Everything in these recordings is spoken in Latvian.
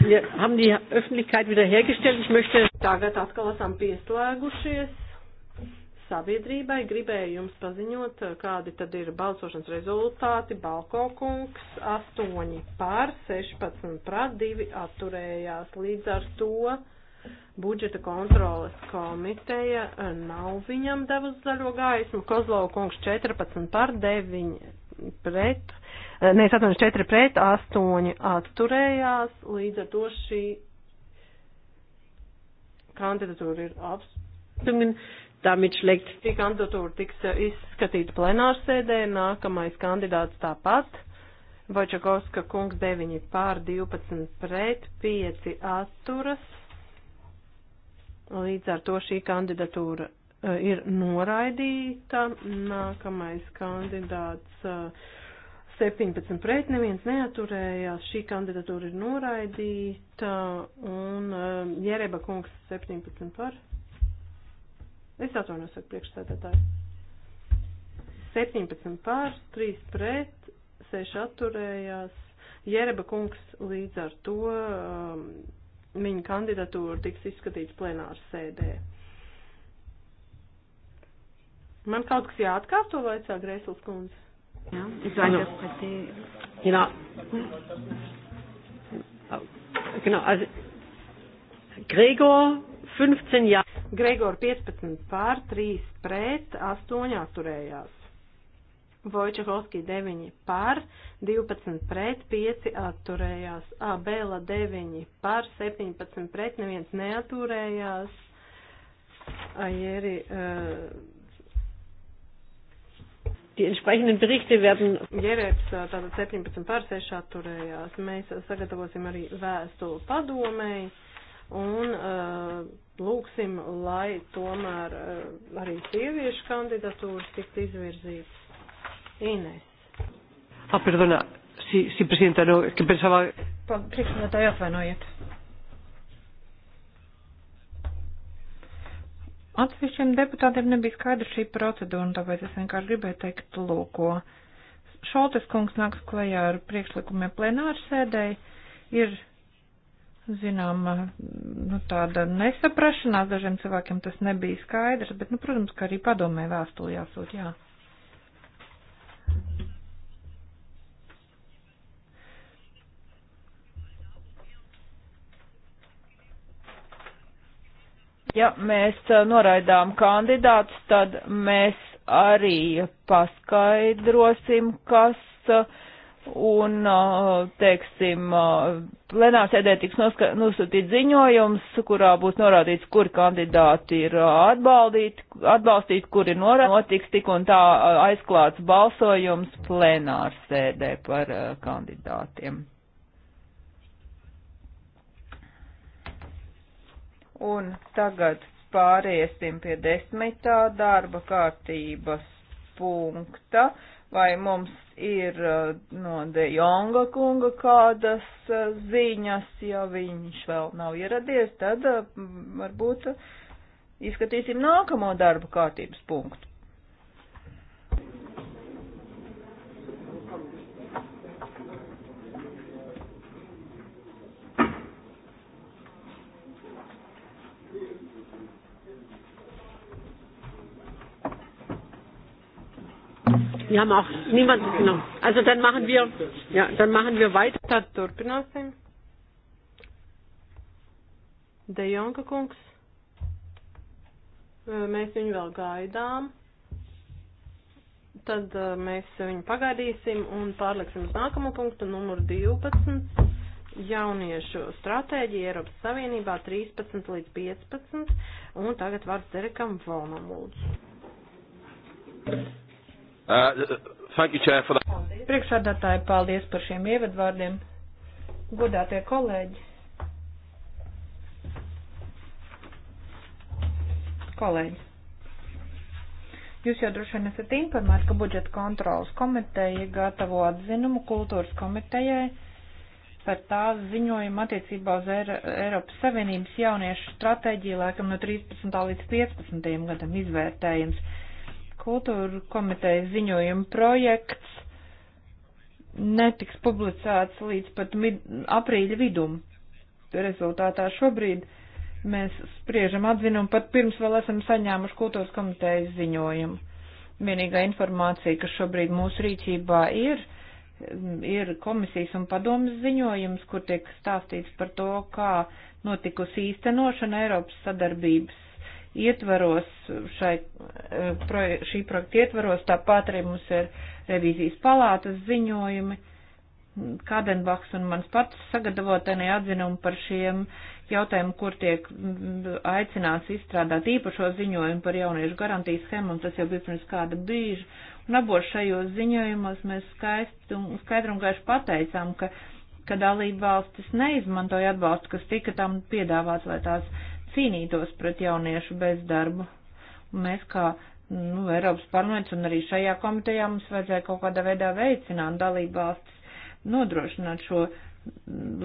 Wir haben die Öffentlichkeit wiederhergestellt. Ich möchte. Tagad atkal esam pieslēgušies sabiedrībai. Gribēju jums paziņot, kādi tad ir balsošanas rezultāti. Balko kungs 8 pār 16 prat 2 atturējās. Līdz ar to budžeta kontrolas komiteja nav viņam devusi zaļo gaismu. Kozlau kungs 14 pār 9 pret Eh, nevis 84 pret, 8 atturējās, līdz ar to šī kandidatūra ir apstiprināta. Damit šlēgt. Šī kandidatūra tiks eh, izskatīta plenārsēdē, nākamais kandidāts tāpat. Vaļčakovska kungs 9 pār 12 pret, 5 atturas. Līdz ar to šī kandidatūra eh, ir noraidīta. Nākamais kandidāts. Uh, 17 pret, neviens neaturējās, šī kandidatūra ir noraidīta, un uh, Jereba kungs 17 par. Es atvainojos, saka priekšstādātāji. 17 par, 3 pret, 6 atturējās. Jereba kungs līdz ar to um, viņa kandidatūra tiks izskatīta plenāra sēdē. Man kaut kas jāatkārto, vaicā Grēsls kundze. Ja, also, genau. Genau, also Gregor 15 jā. Gregor 15 pār, 3 pret, 8 atturējās. Vojčehovski 9 pār, 12 pret, 5 atturējās. Abela 9 pār, 17 pret, neviens neatturējās. Aieri. Uh, Die entsprechenden Berichte werden. Jerēps tātad 17 pār 6 atturējās. Mēs sagatavosim arī vēstuli padomēji un uh, lūksim, lai tomēr uh, arī sieviešu kandidatūras tiktu izvirzītas. Ines. Ah, perdona, si, si, presidenta, no, es que pensaba... Priekšsēdētāji atvainojiet. Atsevišķiem deputātiem nebija skaidra šī procedūra, un tāpēc es vienkārši gribēju teikt, lūko. Šoltes kungs nāks klajā ar priekšlikumiem plenāru sēdēji, ir, zinām, nu, tāda nesaprašanās, dažiem cilvēkiem tas nebija skaidrs, bet, nu, protams, ka arī padomē vēstuli jāsūt, jā. Ja mēs uh, noraidām kandidātus, tad mēs arī paskaidrosim, kas uh, un, uh, teiksim, plenārsēdē tiks nosūtīt ziņojums, kurā būs norādīts, kuri kandidāti ir atbaldīti, atbalstīti, kuri norādīti, notiks tik un tā aizklāts balsojums plenārsēdē par kandidātiem. Un tagad pāriesim pie desmitā darba kārtības punkta. Vai mums ir uh, no De Jonga kunga kādas uh, ziņas, ja viņš vēl nav ieradies, tad uh, varbūt izskatīsim nākamo darba kārtības punktu. Wir haben auch niemanden genommen. Also dann machen wir, ja, dann machen wir weiter. Tad turpināsim. De Jonga kungs. Mēs viņu vēl gaidām. Tad mēs viņu pagaidīsim un pārliksim uz nākamo punktu, numuru 12. Jauniešu stratēģija Eiropas Savienībā 13 līdz 15. Un tagad vārds Derekam Volnam lūdzu. Uh, Priekšsādātāji, paldies par šiem ievadvārdiem. Godātie kolēģi. Kolēģi. Jūs jau droši vien esat informēti, ka budžeta kontrolas komiteja gatavo atzinumu kultūras komitejai par tās ziņojumu attiecībā uz Eiropas Savienības jauniešu stratēģiju laikam no 13. līdz 15. gadam izvērtējums kultūra komitejas ziņojuma projekts netiks publicēts līdz pat mid, aprīļa vidum. Rezultātā šobrīd mēs spriežam atzinumu pat pirms vēl esam saņēmuši kultūras komitejas ziņojumu. Vienīgā informācija, kas šobrīd mūsu rīcībā ir, ir komisijas un padomas ziņojums, kur tiek stāstīts par to, kā notikusi īstenošana Eiropas sadarbības ietvaros, šai, eh, šī projekta ietvaros, tāpat arī mums ir revīzijas palātas ziņojumi. Kādenbachs un mans pats sagatavotāji atzinumu par šiem jautājumiem, kur tiek aicināts izstrādāt īpašo ziņojumu par jauniešu garantijas schēmu, un tas jau bija pirms kāda brīža. Un abos šajos ziņojumos mēs skaidri un, skaidru un gaiši pateicām, ka, ka dalība valstis neizmantoja atbalstu, kas tika tam piedāvāts, lai tās cīnītos pret jauniešu bezdarbu. Un mēs kā nu, Eiropas parlaments un arī šajā komitejā mums vajadzēja kaut kādā veidā veicināt dalībvalstis, nodrošināt šo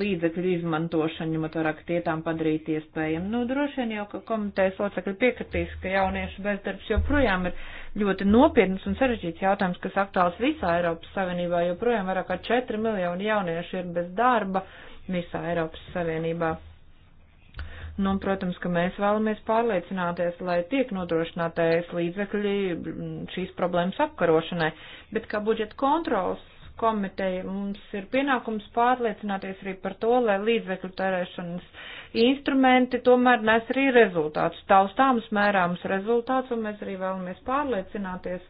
līdzekļu izmantošanu, ņemot vairāk tietām padarīt iespējami. Nu, droši vien jau, ka komitejas locekļi piekritīs, ka jauniešu bezdarbs joprojām ir ļoti nopietnas un sarežģīts jautājums, kas aktuāls visā Eiropas Savienībā, joprojām vairāk kā 4 miljoni jauniešu ir bez darba visā Eiropas Savienībā. Nu, un, protams, ka mēs vēlamies pārliecināties, lai tiek nodrošinātais līdzekļi šīs problēmas apkarošanai, bet kā budžeta kontrols komiteja mums ir pienākums pārliecināties arī par to, lai līdzekļu tērēšanas instrumenti tomēr nes arī rezultātus, taustāms mērāms rezultāts, un mēs arī vēlamies pārliecināties,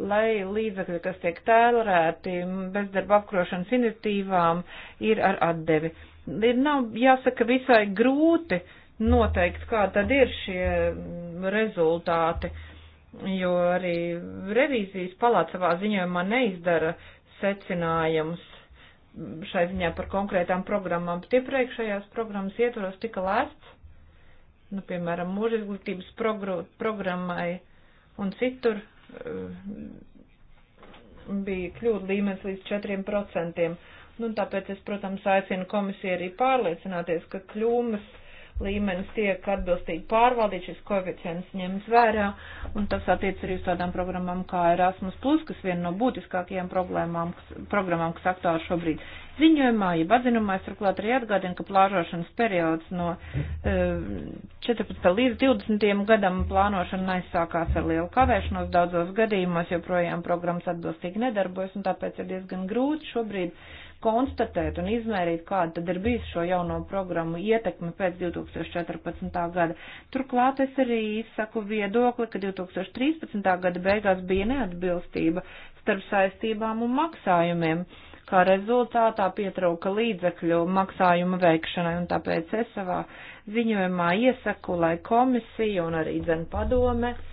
lai līdzekļi, kas tiek tērēti bezdarba apkarošanas iniciatīvām, ir ar atdevi ir nav, jāsaka, visai grūti noteikt, kā tad ir šie rezultāti, jo arī revīzijas palāca savā ziņojumā neizdara secinājumus šai ziņā par konkrētām programmām, bet iepriekšējās programmas ietvaros tika lēsts, nu, piemēram, mūža izglītības progr programmai un citur eh, bija kļūda līmenis līdz 4%. Nu, tāpēc es, protams, aicinu komisiju arī pārliecināties, ka kļūmes līmenis tiek atbilstīgi pārvaldīts, šis koeficients ņemts vērā, un tas attiec arī uz tādām programmām kā Erasmus, kas viena no būtiskākajām problēmām, kas, programmām, kas aktuāli šobrīd. Ziņojumā, ja atzinumā, es turklāt arī atgādinu, ka plāžošanas periods no e, eh, 14. līdz 20. gadam plānošana aizsākās ar lielu kavēšanos, daudzos gadījumos joprojām programmas atbilstīgi nedarbojas, un tāpēc ir diezgan grūti šobrīd konstatēt un izmērīt, kāda tad ir bijis šo jauno programmu ietekme pēc 2014. gada. Turklāt es arī izsaku viedokli, ka 2013. gada beigās bija neatbilstība starp saistībām un maksājumiem. Kā rezultātā pietrauka līdzekļu maksājuma veikšanai, un tāpēc es savā ziņojumā iesaku, lai komisija un arī dzen padome uh,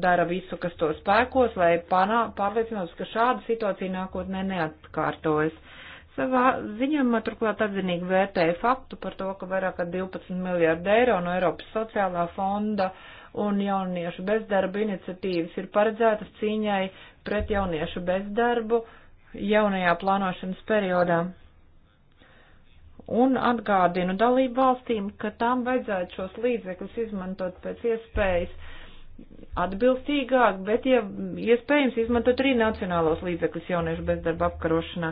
dara visu, kas to spēkos, lai pārliecinātos, ka šāda situācija nākotnē neatkārtojas. Savā ziņā man turklāt atzinīgi vērtēja faktu par to, ka vairāk kā 12 miljārdu eiro no Eiropas sociālā fonda un jauniešu bezdarba iniciatīvas ir paredzētas cīņai pret jauniešu bezdarbu jaunajā plānošanas periodā. Un atgādinu dalību valstīm, ka tām vajadzētu šos līdzekļus izmantot pēc iespējas atbilstīgāk, bet, ja iespējams, izmantot arī nacionālos līdzekļus jauniešu bezdarba apkarošanā.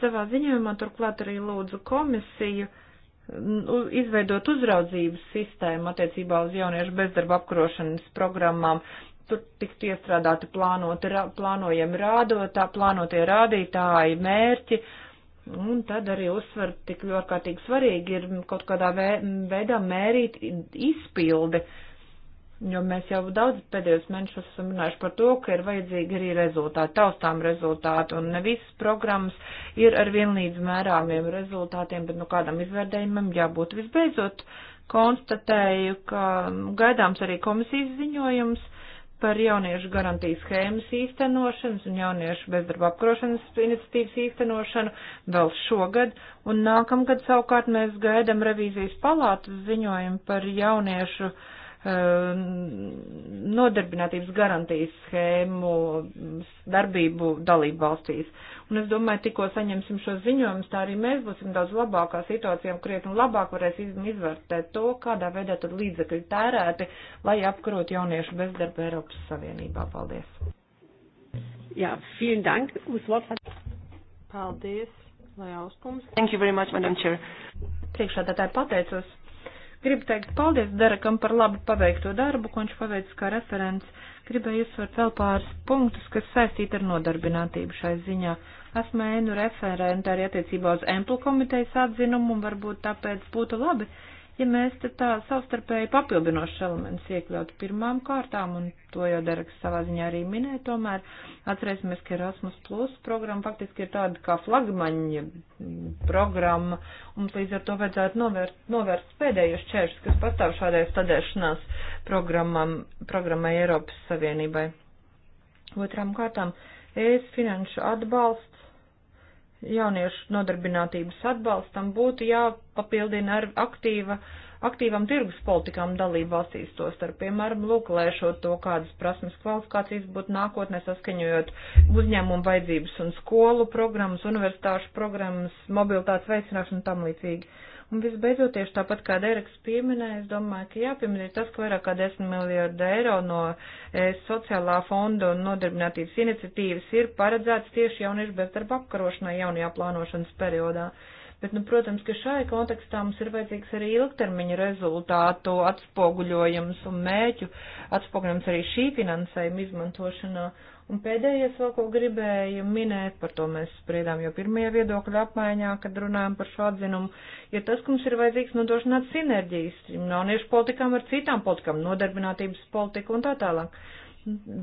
Savā ziņojumā turklāt arī lūdzu komisiju mm, izveidot uzraudzības sistēmu attiecībā uz jauniešu bezdarba apkarošanas programmām. Tur tiks iestrādāti plānoti, plānojami rādotā, plānotie rādītāji, mērķi, Un tad arī uzsver, cik ļoti svarīgi ir kaut kādā veidā mērīt izpildi jo mēs jau daudz pēdējos mēnešus esam runājuši par to, ka ir vajadzīgi arī rezultāti, taustām rezultāti, un ne visas programmas ir ar vienlīdz mērāmiem rezultātiem, bet nu kādam izvērtējumam jābūt visbeidzot. Konstatēju, ka gaidāms arī komisijas ziņojums par jauniešu garantijas schēmas īstenošanas un jauniešu bezdarba apkarošanas iniciatīvas īstenošanu vēl šogad, un nākamgad savukārt mēs gaidam revīzijas palātas ziņojumu par jauniešu uh, Ehm, nodarbinātības garantijas schēmu darbību dalību valstīs. Un es domāju, tikko saņemsim šo ziņojumus, tā arī mēs būsim daudz labākā situācijā un krietni labāk varēs izvērtēt to, kādā veidā tad līdzekļi tērēti, lai apkarot jauniešu bezdarbu Eiropas Savienībā. Paldies! Jā, vielen dank. Paldies, lai auskums. Thank you very much, Madam Chair. Priekšā tā pateicos Gribu teikt paldies Derekam par labi paveikto darbu, ko viņš paveicis kā referents. Gribēju uzsvert vēl pāris punktus, kas saistīti ar nodarbinātību šai ziņā. Esmu ēnu referenta arī attiecībā uz Emplu komitejas atzinumu un varbūt tāpēc būtu labi, uh, ja mēs te tā savstarpēji papildinošas elements iekļautu pirmām kārtām, un to jau Dereks savā ziņā arī minēja, tomēr atcerēsimies, ka Erasmus Plus programma faktiski ir tāda kā flagmaņa programma, un līdz ar to vajadzētu novērst, novērst pēdējos čēršus, kas pastāv šādai stadēšanās programmai Eiropas Savienībai. Otrām kārtām, ES finanšu atbalsts jauniešu nodarbinātības atbalstam būtu jāpapildina ar aktīva, aktīvam tirgus politikām dalību valstīs to starp, piemēram, lūk, lēšot to, kādas prasmes kvalifikācijas būtu nākotnē saskaņojot uzņēmumu vajadzības un skolu programmas, universitāšu programmas, mobilitātes veicināšanu un tam līdzīgi. Uh, Un visbeidzot, tieši tāpat kā Dereks pieminēja, es domāju, ka jāpiemina ir tas, ka vairāk kā 10 miljārdu eiro no e, sociālā fonda un nodarbinātības iniciatīvas ir paredzēts tieši jauniešu bezdarba apkarošanai jaunajā plānošanas periodā. Bet, nu, protams, ka šai kontekstā mums ir vajadzīgs arī ilgtermiņa rezultātu atspoguļojums un mēķu atspoguļojums arī šī finansējuma izmantošanā. Un pēdējais vēl, ko gribēju minēt, par to mēs spriedām jau pirmajā viedokļa apmaiņā, kad runājam par šo atzinumu, ir tas, ka mums ir vajadzīgs nodrošināt sinerģijas jauniešu politikām ar citām politikām, nodarbinātības politiku un tā tālāk.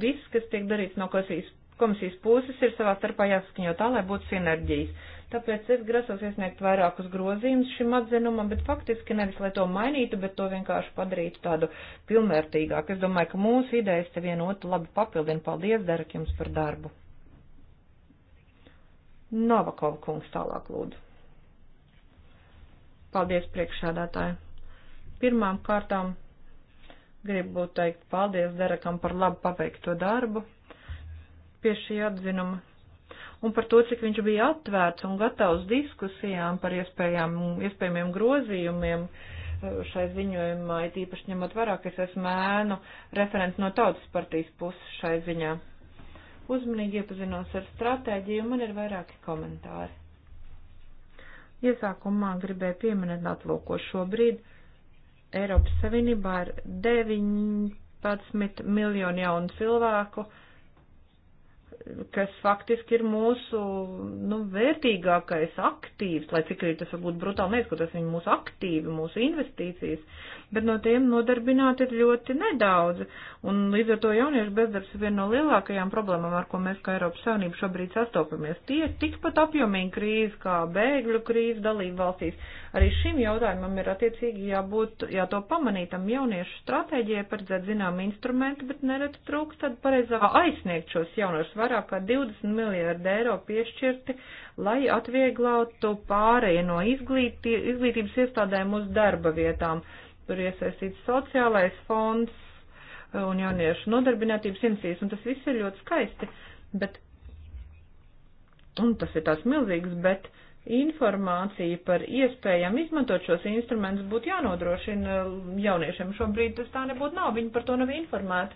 Viss, kas tiek darīts no komisijas, komisijas puses, ir savā starpā jāsaskaņo tā, lai būtu sinerģijas. Tāpēc es grasos iesniegt vairākus grozījumus šim atzinumam, bet faktiski nevis, lai to mainītu, bet to vienkārši padarītu tādu pilnvērtīgāku. Es domāju, ka mūsu idejas te vienotu labi papildina. Paldies, Derek, jums par darbu. Novakov kungs tālāk lūdzu. Paldies priekšsēdētāji. Pirmām kārtām gribu teikt paldies Derekam par labu paveikto darbu pie šī atzinuma un par to, cik viņš bija atvērts un gatavs diskusijām par iespējām, iespējamiem grozījumiem uh, šai ziņojumā, it īpaši ņemot vērā, ka es esmu ēnu referents no tautas partijas puses šai ziņā. Uzmanīgi iepazinos ar stratēģiju, man ir vairāki komentāri. Iesākumā gribēju pieminēt atlūko šobrīd Eiropas Savienībā ir 19 miljoni jaunu cilvēku, uh, kas faktiski ir mūsu nu, vērtīgākais aktīvs, lai cik arī tas varbūt brutāli neizskatās, viņi mūsu aktīvi, mūsu investīcijas, bet no tiem nodarbināti ir ļoti nedaudz, un līdz ar to jauniešu bezdarbs ir viena no lielākajām problēmām, ar ko mēs kā Eiropas Savienība šobrīd sastopamies. Tie ir tikpat apjomīgi krīze kā bēgļu krīze dalību valstīs. Arī šim jautājumam ir attiecīgi jābūt, jā to pamanītam jauniešu stratēģijai paredzēt zinām instrumenti, bet nereti trūkst tad pareizā aizsniegt šos jauniešus vairāk kā 20 miljārdi eiro piešķirti, lai atvieglotu pārēju no izglītības iestādēm uz darba vietām tur iesaistīts sociālais fonds un jauniešu nodarbinātības institūcijas, un tas viss ir ļoti skaisti, bet, un tas ir tāds milzīgs, bet informācija par iespējām izmantot šos instrumentus būtu jānodrošina uh, jauniešiem. Šobrīd tas tā nebūtu nav, viņi par to nav informēti.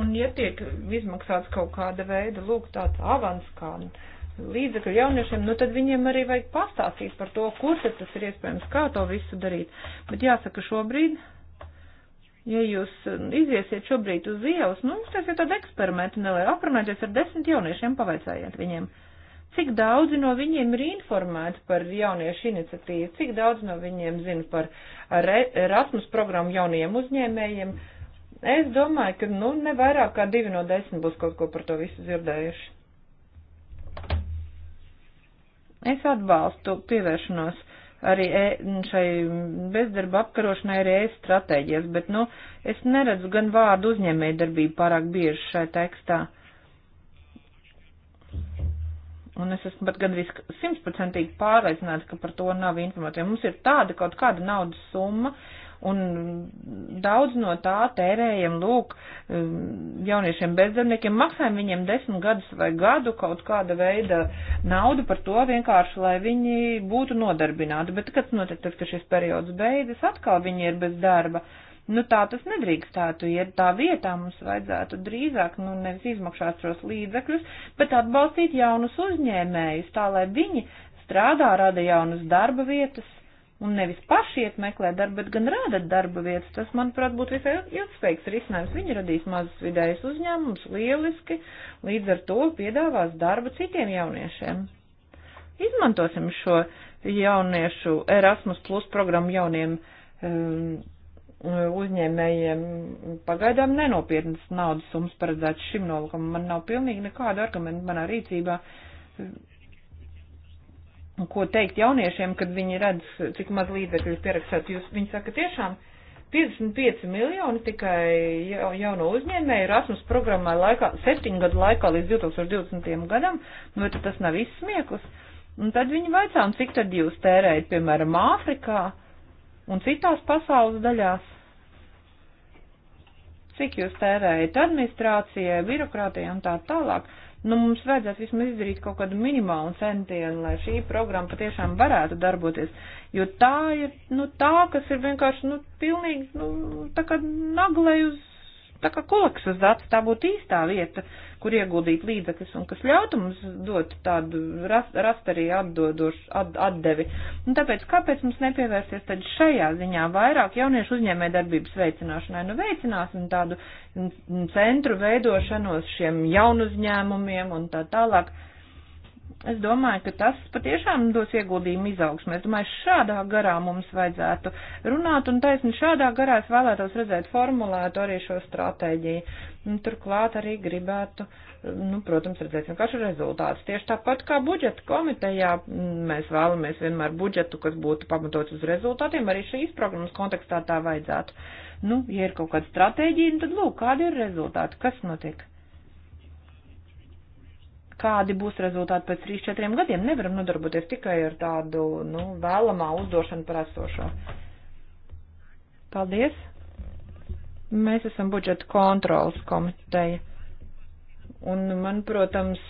Un, ja tiek izmaksāts kaut kāda veida, lūk, tāds avans, kā līdzekļu jauniešiem, nu tad viņiem arī vajag pastāstīt par to, kur tad tas ir iespējams, kā to visu darīt. Bet jāsaka šobrīd, ja jūs um, iziesiet šobrīd uz ielas, nu jūs taisiet tādu eksperimentu, nelielu aprunāties ar desmit jauniešiem, pavaicājiet viņiem. Cik daudzi no viņiem ir informēti par jauniešu iniciatīvu, cik daudz no viņiem zina par Erasmus programmu jaunajiem uzņēmējiem. Es domāju, ka nu, ne vairāk kā divi no desmit būs kaut ko par to visu dzirdējuši. Es atbalstu pievēršanos arī e, šai bezdarba apkarošanai arī es stratēģijas, bet, nu, es neredzu gan vārdu uzņēmēju darbību pārāk bieži šai tekstā. Un es esmu pat gandrīz simtprocentīgi pārliecināts, ka par to nav informācija. Mums ir tāda kaut kāda naudas summa, uh, un daudz no tā tērējam, lūk, um, jauniešiem bezdarbniekiem, maksājam viņiem desmit gadus vai gadu kaut kāda veida naudu par to vienkārši, lai viņi būtu nodarbināti. Bet, kad notiek tas, ka šis periods beidzas, atkal viņi ir bez darba. Nu, tā tas nedrīkstētu iet. Ja tā vietā mums vajadzētu drīzāk, nu, nevis izmaksāt šos līdzekļus, bet atbalstīt jaunus uzņēmējus, tā lai viņi strādā, rada jaunas darba vietas, un nevis paši iet meklēt darbu, bet gan rādat darba vietas. Tas, manuprāt, būtu visai ilgspējīgs risinājums. Viņi radīs mazus vidējus uzņēmumus, lieliski, līdz ar to piedāvās darbu citiem jauniešiem. Izmantosim šo jauniešu Erasmus Plus programmu jauniem um, uzņēmējiem. Pagaidām nenopietnas naudas summas paredzētas šim nolikam. Man nav pilnīgi nekāda argumenta manā rīcībā ko teikt jauniešiem, kad viņi redz, cik maz līdzekļu pierakstot. Jūs, viņi saka, tiešām 55 miljoni tikai jauno uzņēmēju Erasmus programmai laikā, septiņu gadu laikā līdz 2020. gadam, nu, tad tas nav izsmieklis. Un tad viņi vaicām, cik tad jūs tērējat, piemēram, Āfrikā un citās pasaules daļās. Cik jūs tērējat administrācijai, birokrātijai un tā tālāk nu, mums vajadzētu vismaz izdarīt kaut kādu minimālu centienu, lai šī programma patiešām varētu darboties, jo tā ir, nu, tā, kas ir vienkārši, nu, pilnīgi, nu, tā kā naglai uz, tā kā kolaks uz acis, tā būtu īstā vieta, kur ieguldīt līdzekļus un kas ļautu mums dot tādu rast, rast arī atdodošu at, atdevi. Un tāpēc kāpēc mums nepievērsties tad šajā ziņā vairāk jauniešu uzņēmē darbības veicināšanai? Nu veicināsim tādu centru veidošanos šiem jaunu uzņēmumiem un tā tālāk. Es domāju, ka tas patiešām dos ieguldījumu izaugsmē. Es domāju, šādā garā mums vajadzētu runāt, un taisni šādā garā es vēlētos redzēt formulētu arī šo stratēģiju. Un turklāt arī gribētu, nu, protams, redzēt vienkārši rezultātus. Tieši tāpat kā budžeta komitejā, mēs vēlamies vienmēr budžetu, kas būtu pamatots uz rezultātiem, arī šīs programmas kontekstā tā vajadzētu. Nu, ja ir kaut kāda stratēģija, tad lūk, kādi ir rezultāti, kas notiek. Kādi būs rezultāti pēc 3-4 gadiem? Nevaram nodarboties tikai ar tādu, nu, vēlamā uzdošanu par esošo. Paldies! Mēs esam budžeta kontrolas komiteja. Un man, protams,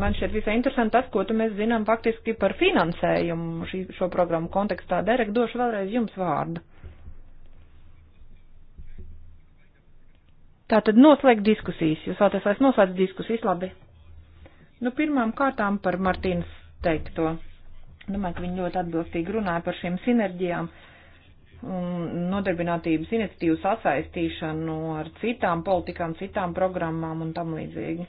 man šķiet visai interesanti tas, ko tu mēs zinām faktiski par finansējumu šī, šo programmu kontekstā. Derek, došu vēlreiz jums vārdu. Tā tad noslēgt diskusijas. Jūs vēlaties, lai es noslēdzu diskusijas, labi? Nu, pirmām kārtām par Martīnas teikto. Domāju, ka viņi ļoti atbilstīgi runāja par šīm sinerģijām. Uh, nodarbinātības iniciatīvu sasaistīšanu ar citām politikām, citām programmām un tam līdzīgi.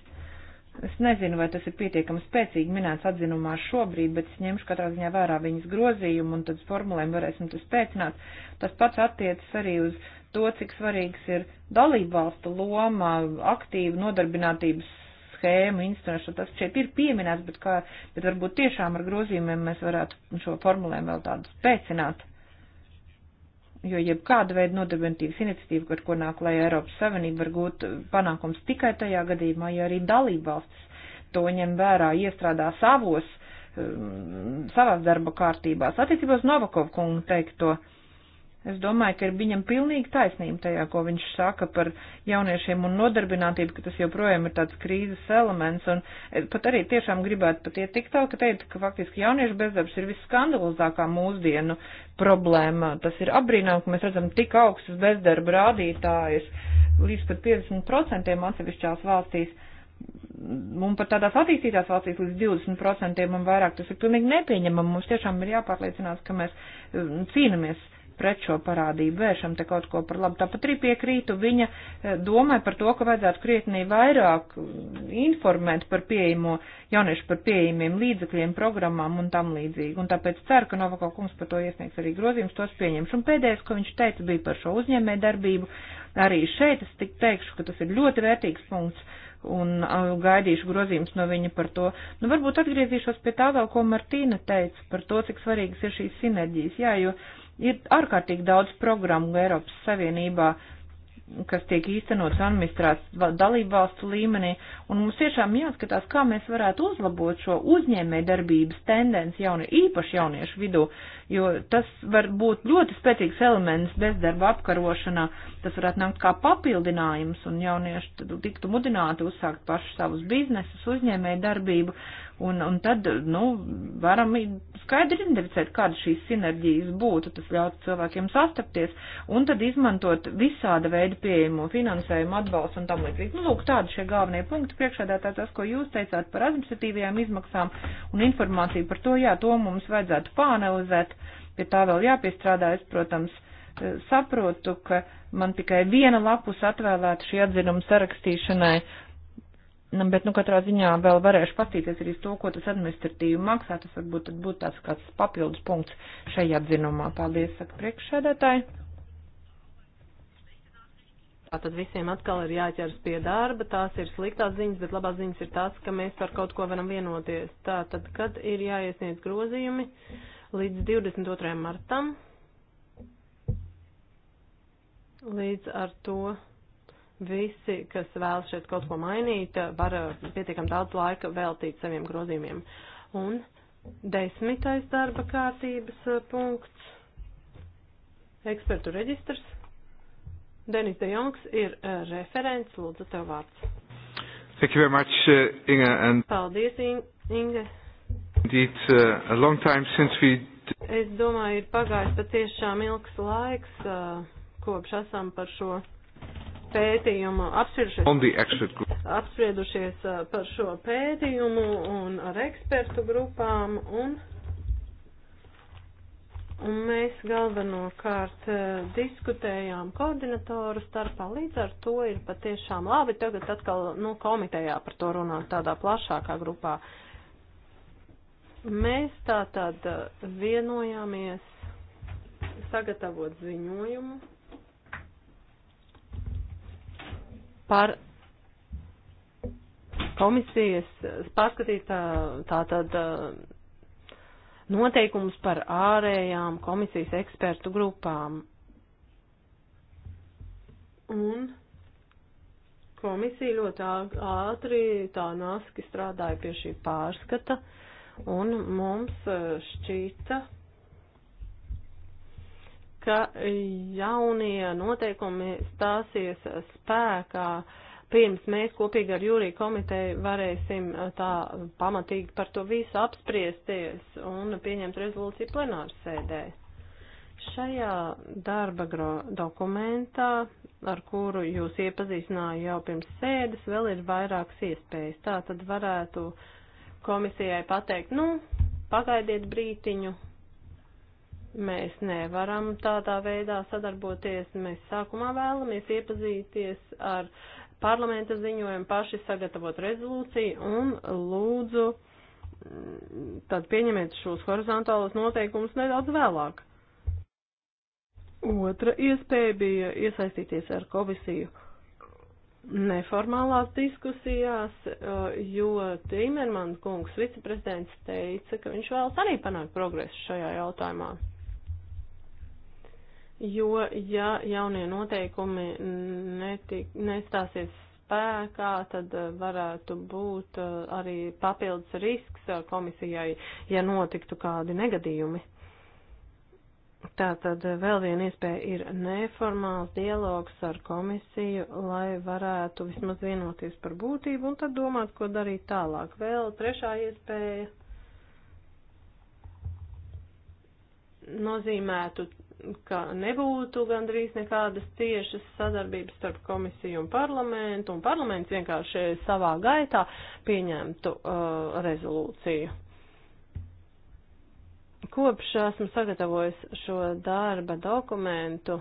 Es nezinu, vai tas ir pietiekami spēcīgi minēts atzinumā šobrīd, bet es ņemšu katrā ziņā vērā viņas grozījumu un tad formulēm varēsim to spēcināt. Tas pats attiecas arī uz to, cik svarīgs ir dalībvalstu loma, aktīva nodarbinātības schēma, instrumentu. Tas šeit ir pieminēts, bet, kā, bet varbūt tiešām ar grozījumiem mēs varētu šo formulēm vēl tādu spēcināt jo jebkāda veida nodarbinātības iniciatīva, ar ko nāk lai Eiropas Savienība, var gūt panākums tikai tajā gadījumā, ja arī dalībvalstis to ņem vērā, iestrādā savos, um, savās darba kārtībās. Attiecībā uz Novakovu kungu teikto. Uh, Es domāju, ka ir viņam pilnīgi taisnība tajā, ko viņš saka par jauniešiem un nodarbinātību, ka tas joprojām ir tāds krīzes elements. Un pat arī tiešām gribētu pat iet tik tālu, ka teikt, ka faktiski jauniešu bezdarbs ir visskandalozākā mūsdienu problēma. Tas ir apbrīnām, ka mēs redzam tik augstus bezdarba rādītājus līdz pat 50% atsevišķās valstīs. Un pat tādās attīstītās valstīs līdz 20% un vairāk tas ir pilnīgi nepieņemam. Mums tiešām ir jāpārliecinās, ka mēs mm, cīnamies pret šo parādību vēršam te kaut ko par labu. Tāpat arī piekrītu viņa e, domai par to, ka vajadzētu krietnī vairāk mm, informēt par pieejamo jauniešu par pieejamiem līdzekļiem, programmām un tam līdzīgi. Un tāpēc ceru, ka Novako kungs par to iesniegs arī grozījums, tos pieņems. Un pēdējais, ko viņš teica, bija par šo uzņēmē darbību. Arī šeit es tik teikšu, ka tas ir ļoti vērtīgs punkts un gaidīšu grozījums no viņa par to. Nu, varbūt atgriezīšos pie tā vēl, ko Martīna teica par to, cik svarīgas ir šīs sinerģijas. Jā, jo Ir ārkārtīgi daudz programmu Eiropas Savienībā, kas tiek īstenots administrācijas dalībvalstu līmenī, un mums tiešām jāskatās, kā mēs varētu uzlabot šo uzņēmē darbības tendenci jauni, īpaši jauniešu vidū, jo tas var būt ļoti spēcīgs elements bezdarba apkarošanā, tas varētu nākt kā papildinājums, un jaunieši tiktu mudināti uzsākt pašu savus biznesus, uzņēmē darbību, Un, un tad, nu, varam skaidri identificēt, kāda šīs sinerģijas būtu. Tas ļautu cilvēkiem sastapties un tad izmantot visāda veida pieejamo finansējumu atbalstu un tam līdzīgi. Nu, lūk, tādi šie galvenie punkti priekšādātā tas, ko jūs teicāt par administratīvajām izmaksām un informāciju par to, jā, to mums vajadzētu pāanalizēt, pie tā vēl jāpiestrādājas, protams, e, saprotu, ka man tikai viena lapus atvēlēta šī atzinuma sarakstīšanai, Nu, bet, nu, katrā ziņā vēl varēšu paskatīties arī to, ko tas administratīvi maksā. Tas varbūt tad būtu tāds kāds papildus punkts šajā atzinumā. Paldies, saka priekšsēdētāji. Tātad visiem atkal ir jāķers pie darba, tās ir sliktās ziņas, bet labās ziņas ir tās, ka mēs par kaut ko varam vienoties. Tātad, kad ir jāiesniedz grozījumi līdz 22. martam, līdz ar to. Visi, kas vēlas šeit kaut ko mainīt, var uh, pietiekam daudz laika veltīt saviem grozījumiem. Un desmitais darba kārtības uh, punkts - ekspertu reģistrs. Denis De Jongs ir uh, referents, lūdzu tev vārds. Thank you very much, uh, Inga. And Paldies, Inga. Indeed, uh, a long time since we Es domāju, ir pagājis patiešām ilgs laiks, kopš esam par šo pētījumu apspriedušies, apspriedušies uh, par šo pētījumu un ar ekspertu grupām. Un, un mēs galvenokārt uh, diskutējām koordinatoru starpā. Līdz ar to ir patiešām labi tagad atkal nu, komitejā par to runāt tādā plašākā grupā. Mēs tātad uh, vienojāmies sagatavot ziņojumu par komisijas pārskatīt tātad tā, noteikumus par ārējām komisijas ekspertu grupām. Un komisija ļoti ātri tā naski strādāja pie šī pārskata, un mums šķīta, ka jaunie noteikumi stāsies spēkā pirms mēs kopīgi ar jūriju komiteju varēsim uh, tā pamatīgi par to visu apspriesties un pieņemt rezolūciju plenāru sēdē. Šajā darba dokumentā, ar kuru jūs iepazīstināju jau pirms sēdes, vēl ir vairākas iespējas. Tā tad varētu komisijai pateikt, nu, pagaidiet brītiņu, Mēs nevaram tādā veidā sadarboties. Mēs sākumā vēlamies iepazīties ar parlamenta ziņojumu, paši sagatavot rezolūciju un lūdzu mm, tad pieņemiet šos horizontālos noteikumus nedaudz vēlāk. Otra iespēja bija iesaistīties ar komisiju neformālās diskusijās, eh, jo Timermans kungs, viceprezidents, teica, ka viņš vēlas arī panākt progresu šajā jautājumā jo ja jaunie noteikumi netik, nestāsies spēkā, tad eh, varētu būt eh, arī papildus risks eh, komisijai, ja notiktu kādi negadījumi. Tātad vēl viena iespēja ir neformāls dialogs ar komisiju, lai varētu vismaz vienoties par būtību un tad domāt, ko darīt tālāk. Vēl trešā iespēja nozīmētu ka nebūtu gandrīz nekādas tiešas sadarbības starp komisiju un parlamentu, un parlaments vienkārši savā gaitā pieņemtu uh, rezolūciju. Kopš esmu sagatavojis šo darba dokumentu,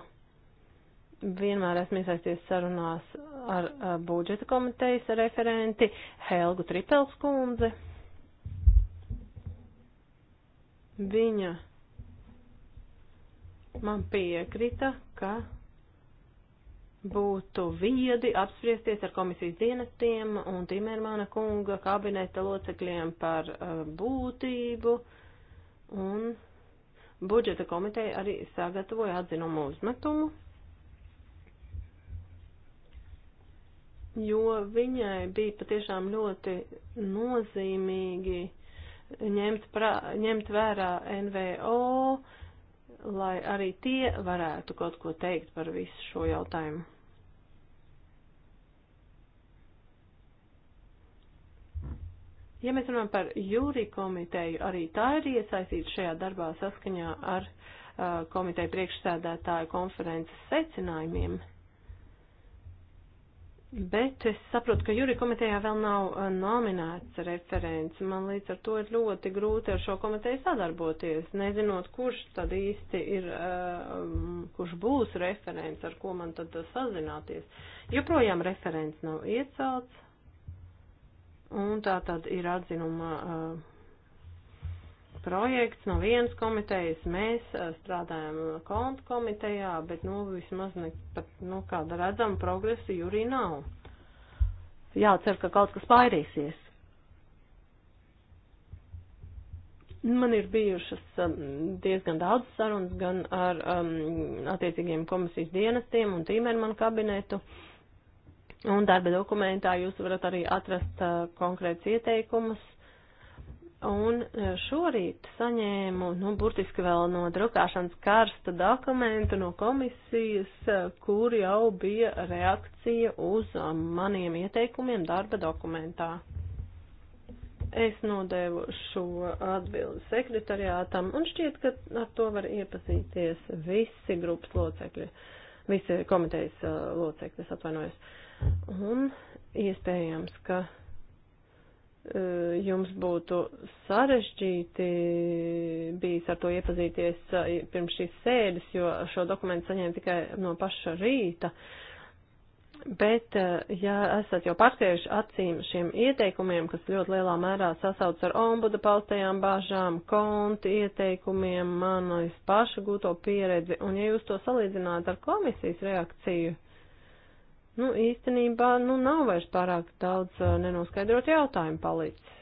vienmēr esmu iesaisties sarunās ar uh, budžeta komitejas referenti Helgu Tripelskundzi. Viņa man piekrita, ka būtu viedi apspriesties ar komisijas dienestiem un Timermana kunga kabineta locekļiem par uh, būtību un budžeta komiteja arī sagatavoja atzinumu uzmetumu, jo viņai bija patiešām ļoti nozīmīgi ņemt, pra, ņemt vērā NVO, uh, lai arī tie varētu kaut ko teikt par visu šo jautājumu. Ja mēs runājam par jūri komiteju, arī tā ir iesaistīta šajā darbā saskaņā ar uh, komiteju priekšsēdētāju konferences secinājumiem. Bet es saprotu, ka jūri komitejā vēl nav uh, nominēts referents. Man līdz ar to ir ļoti grūti ar šo komiteju sadarboties, nezinot, kurš tad īsti ir, uh, kurš būs referents, ar ko man tad uh, sazināties. Joprojām referents nav iecelts, un tā tad ir atzinuma projekts no vienas komitejas, mēs eh, strādājam kontu komitejā, bet, nu, vismaz ne, pat, nu, kāda redzama progresa jūrī nav. Jācer, ka kaut kas pairīsies. Man ir bijušas um, diezgan daudz sarunas gan ar um, attiecīgiem komisijas dienestiem un Tīmermanu kabinetu. Un darba dokumentā jūs varat arī atrast uh, konkrēts ieteikumus Un e, šorīt saņēmu, nu, burtiski vēl no drukāšanas karsta dokumentu no komisijas, e, kur jau bija reakcija uz e, maniem ieteikumiem darba dokumentā. Es nodevu šo atbildi sekretariātam un šķiet, ka ar to var iepazīties visi grupas locekļi, visi komitejas locekļi, es atvainojos. Un iespējams, ka Eh, jums būtu sarežģīti bijis ar to iepazīties eh, pirms šīs sēdes, jo šo dokumentu saņēmu tikai no paša rīta. Bet, eh, ja esat jau pārskrējuši acīm šiem ieteikumiem, kas ļoti lielā mērā sasauc ar ombuda paustajām bāžām, konti ieteikumiem, manis paša gūto pieredzi, un ja jūs to salīdzināt ar komisijas reakciju, uh, Nu, īstenībā, nu, nav vairs pārāk daudz nenoskaidrot jautājumu palicis.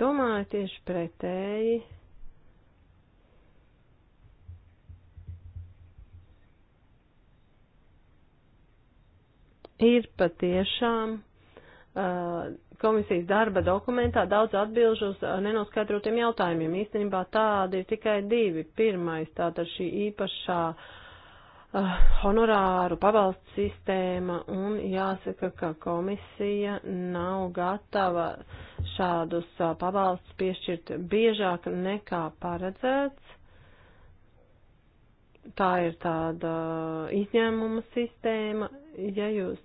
Domāju tieši pretēji. Ir patiešām komisijas darba dokumentā daudz atbilžu uz nenoskaidrotiem jautājumiem. Īstenībā tādi ir tikai divi. Pirmais, tātad šī īpašā uh, Ah, honorāru pabalstu sistēma un jāsaka, ka komisija nav gatava šādus ah, pabalstus piešķirt biežāk nekā paredzēts. Tā ir tāda ah, izņēmuma sistēma, ja jūs,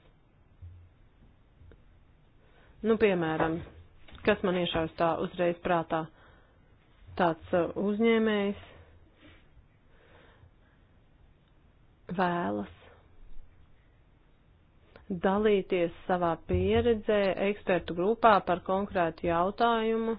nu, piemēram, kas man iešaus tā uzreiz prātā, tāds uzņēmējs vēlas dalīties savā pieredzē ekspertu grupā par konkrētu jautājumu,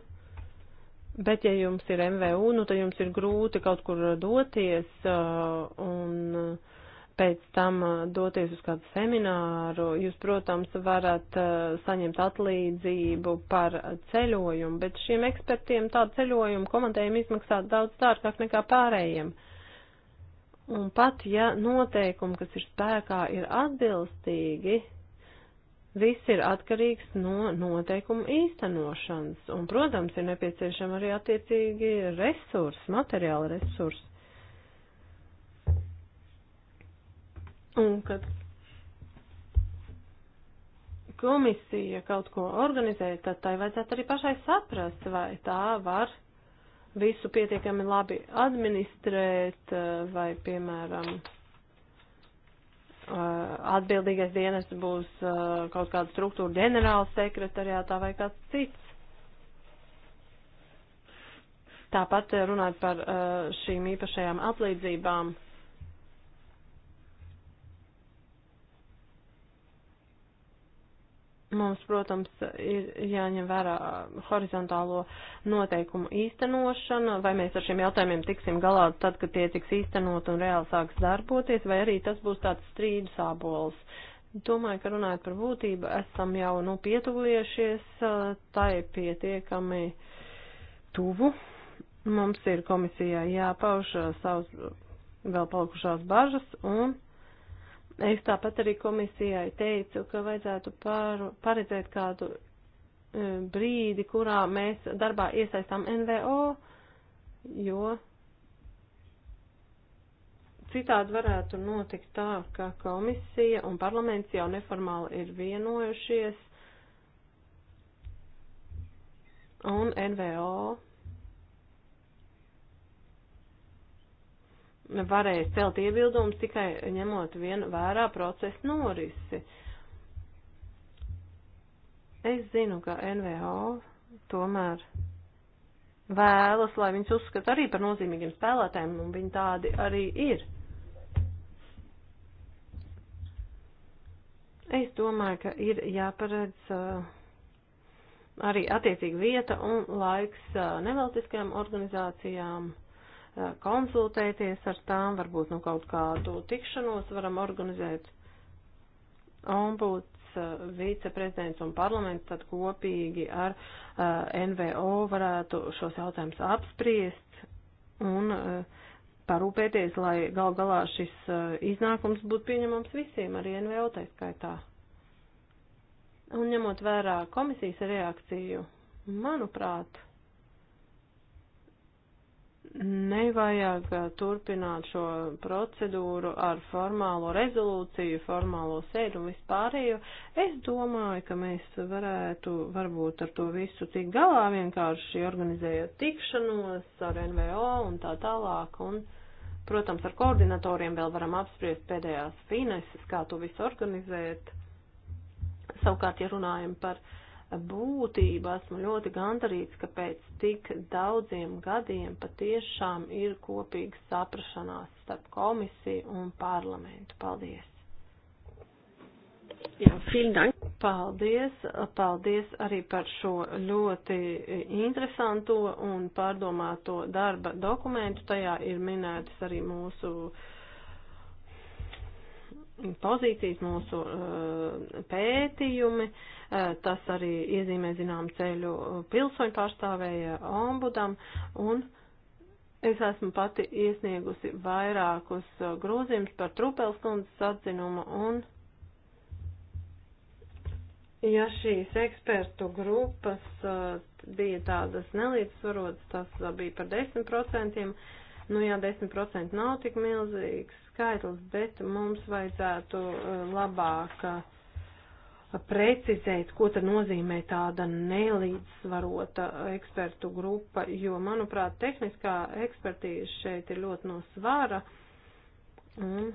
bet ja jums ir MVU, nu tad jums ir grūti kaut kur doties uh, un uh, pēc tam uh, doties uz kādu semināru. Jūs, protams, varat saņemt atlīdzību par ceļojumu, bet šiem ekspertiem tādu ceļojumu komandējumu izmaksā daudz dārgāk nekā pārējiem. Uh, Un pat ja noteikumi, kas ir spēkā, ir atbilstīgi, viss ir atkarīgs no noteikumu īstenošanas. Un, protams, ir nepieciešama arī attiecīgi resursi, materiāla resursi. Un, kad komisija kaut ko organizē, tad tai vajadzētu arī pašai saprast, vai tā var visu pietiekami labi administrēt eh, vai, piemēram, eh, atbildīgais dienas būs eh, kaut kāda struktūra ģenerāla sekretariātā vai kāds cits. Tāpat runāt par šīm īpašajām atlīdzībām Mums, protams, ir jāņem vērā horizontālo noteikumu īstenošana, vai mēs ar šiem jautājumiem tiksim galā tad, kad tie tiks īstenot un reāli sāks darboties, vai arī tas būs tāds strīdu sābols. Domāju, ka runājot par būtību, esam jau nu pietuvušies tai pietiekami tuvu. Mums ir komisijā jāpauž savas vēl palikušās bažas un Es tāpat arī komisijai teicu, ka vajadzētu par, paredzēt kādu e, brīdi, kurā mēs darbā iesaistām NVO, jo citādi varētu notikt tā, ka komisija un parlaments jau neformāli ir vienojušies un NVO varēs celt iebildumus tikai ņemot vien vērā procesa norisi. Es zinu, ka NVO tomēr vēlas, lai viņus uzskata arī par nozīmīgiem spēlētājiem, un viņi tādi arī ir. Es domāju, ka ir jāparedz uh, arī attiecīga vieta un laiks uh, nevalstiskajām organizācijām Eh, konsultēties ar tām, varbūt nu kaut kādu tikšanos varam organizēt. Ombuds, eh, viceprezidents un parlaments tad kopīgi ar eh, NVO varētu šos jautājumus apspriest un parūpēties, lai gal galā šis iznākums būtu pieņemams visiem, arī NVO taiskaitā. Un ņemot vērā komisijas reakciju, manuprāt, nevajag eh, turpināt šo procedūru ar formālo rezolūciju, formālo sēdu un vispārējo. Es domāju, ka mēs varētu varbūt ar to visu tik galā vienkārši organizējot tikšanos ar NVO un tā tālāk. Un, protams, ar koordinatoriem vēl varam apspriest pēdējās finanses, kā to visu organizēt. Savukārt, ja runājam par uh, būtību esmu ļoti gandarīts, ka pēc tik daudziem gadiem patiešām ir kopīga saprašanās starp komisiju un parlamentu. Paldies! Jā, dank. Paldies, paldies arī par šo ļoti interesanto un pārdomāto darba dokumentu. Tajā ir minētas arī mūsu pozīcijas, mūsu uh, pētījumi. Uh, Eh, tas arī iezīmē zinām ceļu eh, pilsoņu pārstāvēja ombudam un Es esmu pati iesniegusi vairākus eh, grozījumus par Trupelskundas atzinumu un, ja šīs ekspertu grupas bija tādas nelīdzsvarotas, tas bija par 10%, nu jā, 10% nav tik milzīgs skaitlis, bet mums vajadzētu labāk precizēt, ko tad nozīmē tāda nelīdzsvarota ekspertu grupa, jo, manuprāt, tehniskā ekspertīze šeit ir ļoti no svara. Un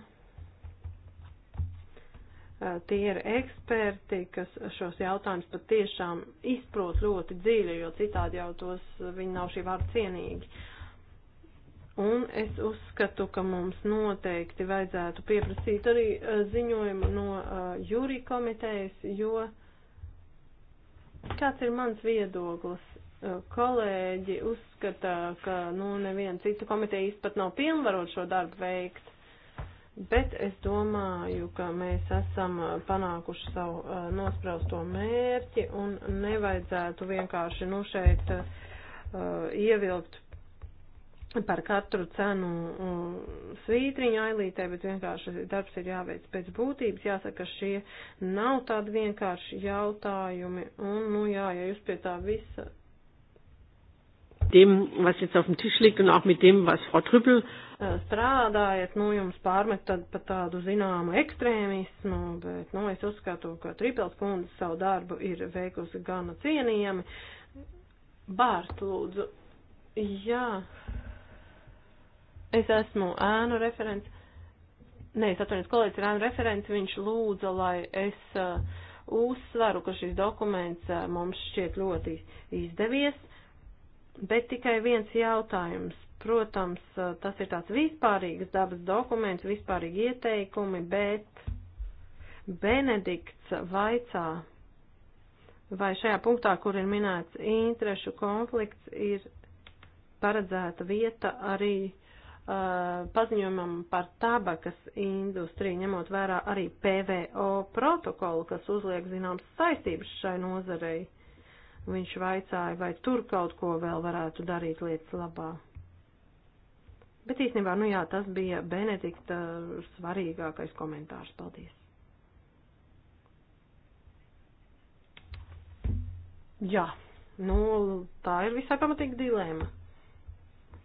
e, tie ir eksperti, kas šos jautājumus patiešām izprot ļoti dziļi, jo citādi jau tos viņi nav šī vārda cienīgi. Uh, Un es uzskatu, ka mums noteikti vajadzētu pieprasīt arī e, ziņojumu no e, jūrī komitejas, jo kāds ir mans viedoklis? E, kolēģi uzskata, ka nu, neviena cita komiteja īsti pat nav pilnvarot šo darbu veikt, bet es domāju, ka mēs esam panākuši savu nospraustu mērķi un nevajadzētu vienkārši nu šeit ievilkt par katru cenu uh, svītriņu ailītē, bet vienkārši darbs ir jāveic pēc būtības. Jāsaka, šie nav tādi vienkārši jautājumi. Un, nu jā, ja jūs pie tā visa. Dem, was jetzt auf dem Tisch liegt un auch mit dem, was Frau Trüppel uh, strādājat, nu jums pārmet tad pat tādu zināmu ekstrēmismu, bet, nu, es uzskatu, ka Tripels kundze savu darbu ir veikusi gana cienījami. Bārt, lūdzu. Jā. Es esmu ēnu referents. Nē, es atvainojos, kolēģis ir ēnu referents, viņš lūdza, lai es uh, uzsvaru, ka šis dokuments uh, mums šķiet ļoti izdevies, bet tikai viens jautājums. Protams, uh, tas ir tāds vispārīgs dabas dokuments, vispārīgi ieteikumi, bet Benedikts vaicā, vai šajā punktā, kur ir minēts interešu konflikts, ir paredzēta vieta arī Uh, paziņojumam par tabakas industriju, ņemot vērā arī PVO protokolu, kas uzliek zināmas saistības šai nozarei. Viņš vaicāja, vai tur kaut ko vēl varētu darīt lietas labā. Bet īstenībā, nu jā, tas bija Benedikta svarīgākais komentārs. Paldies! Jā, nu tā ir visai pamatīga dilēma.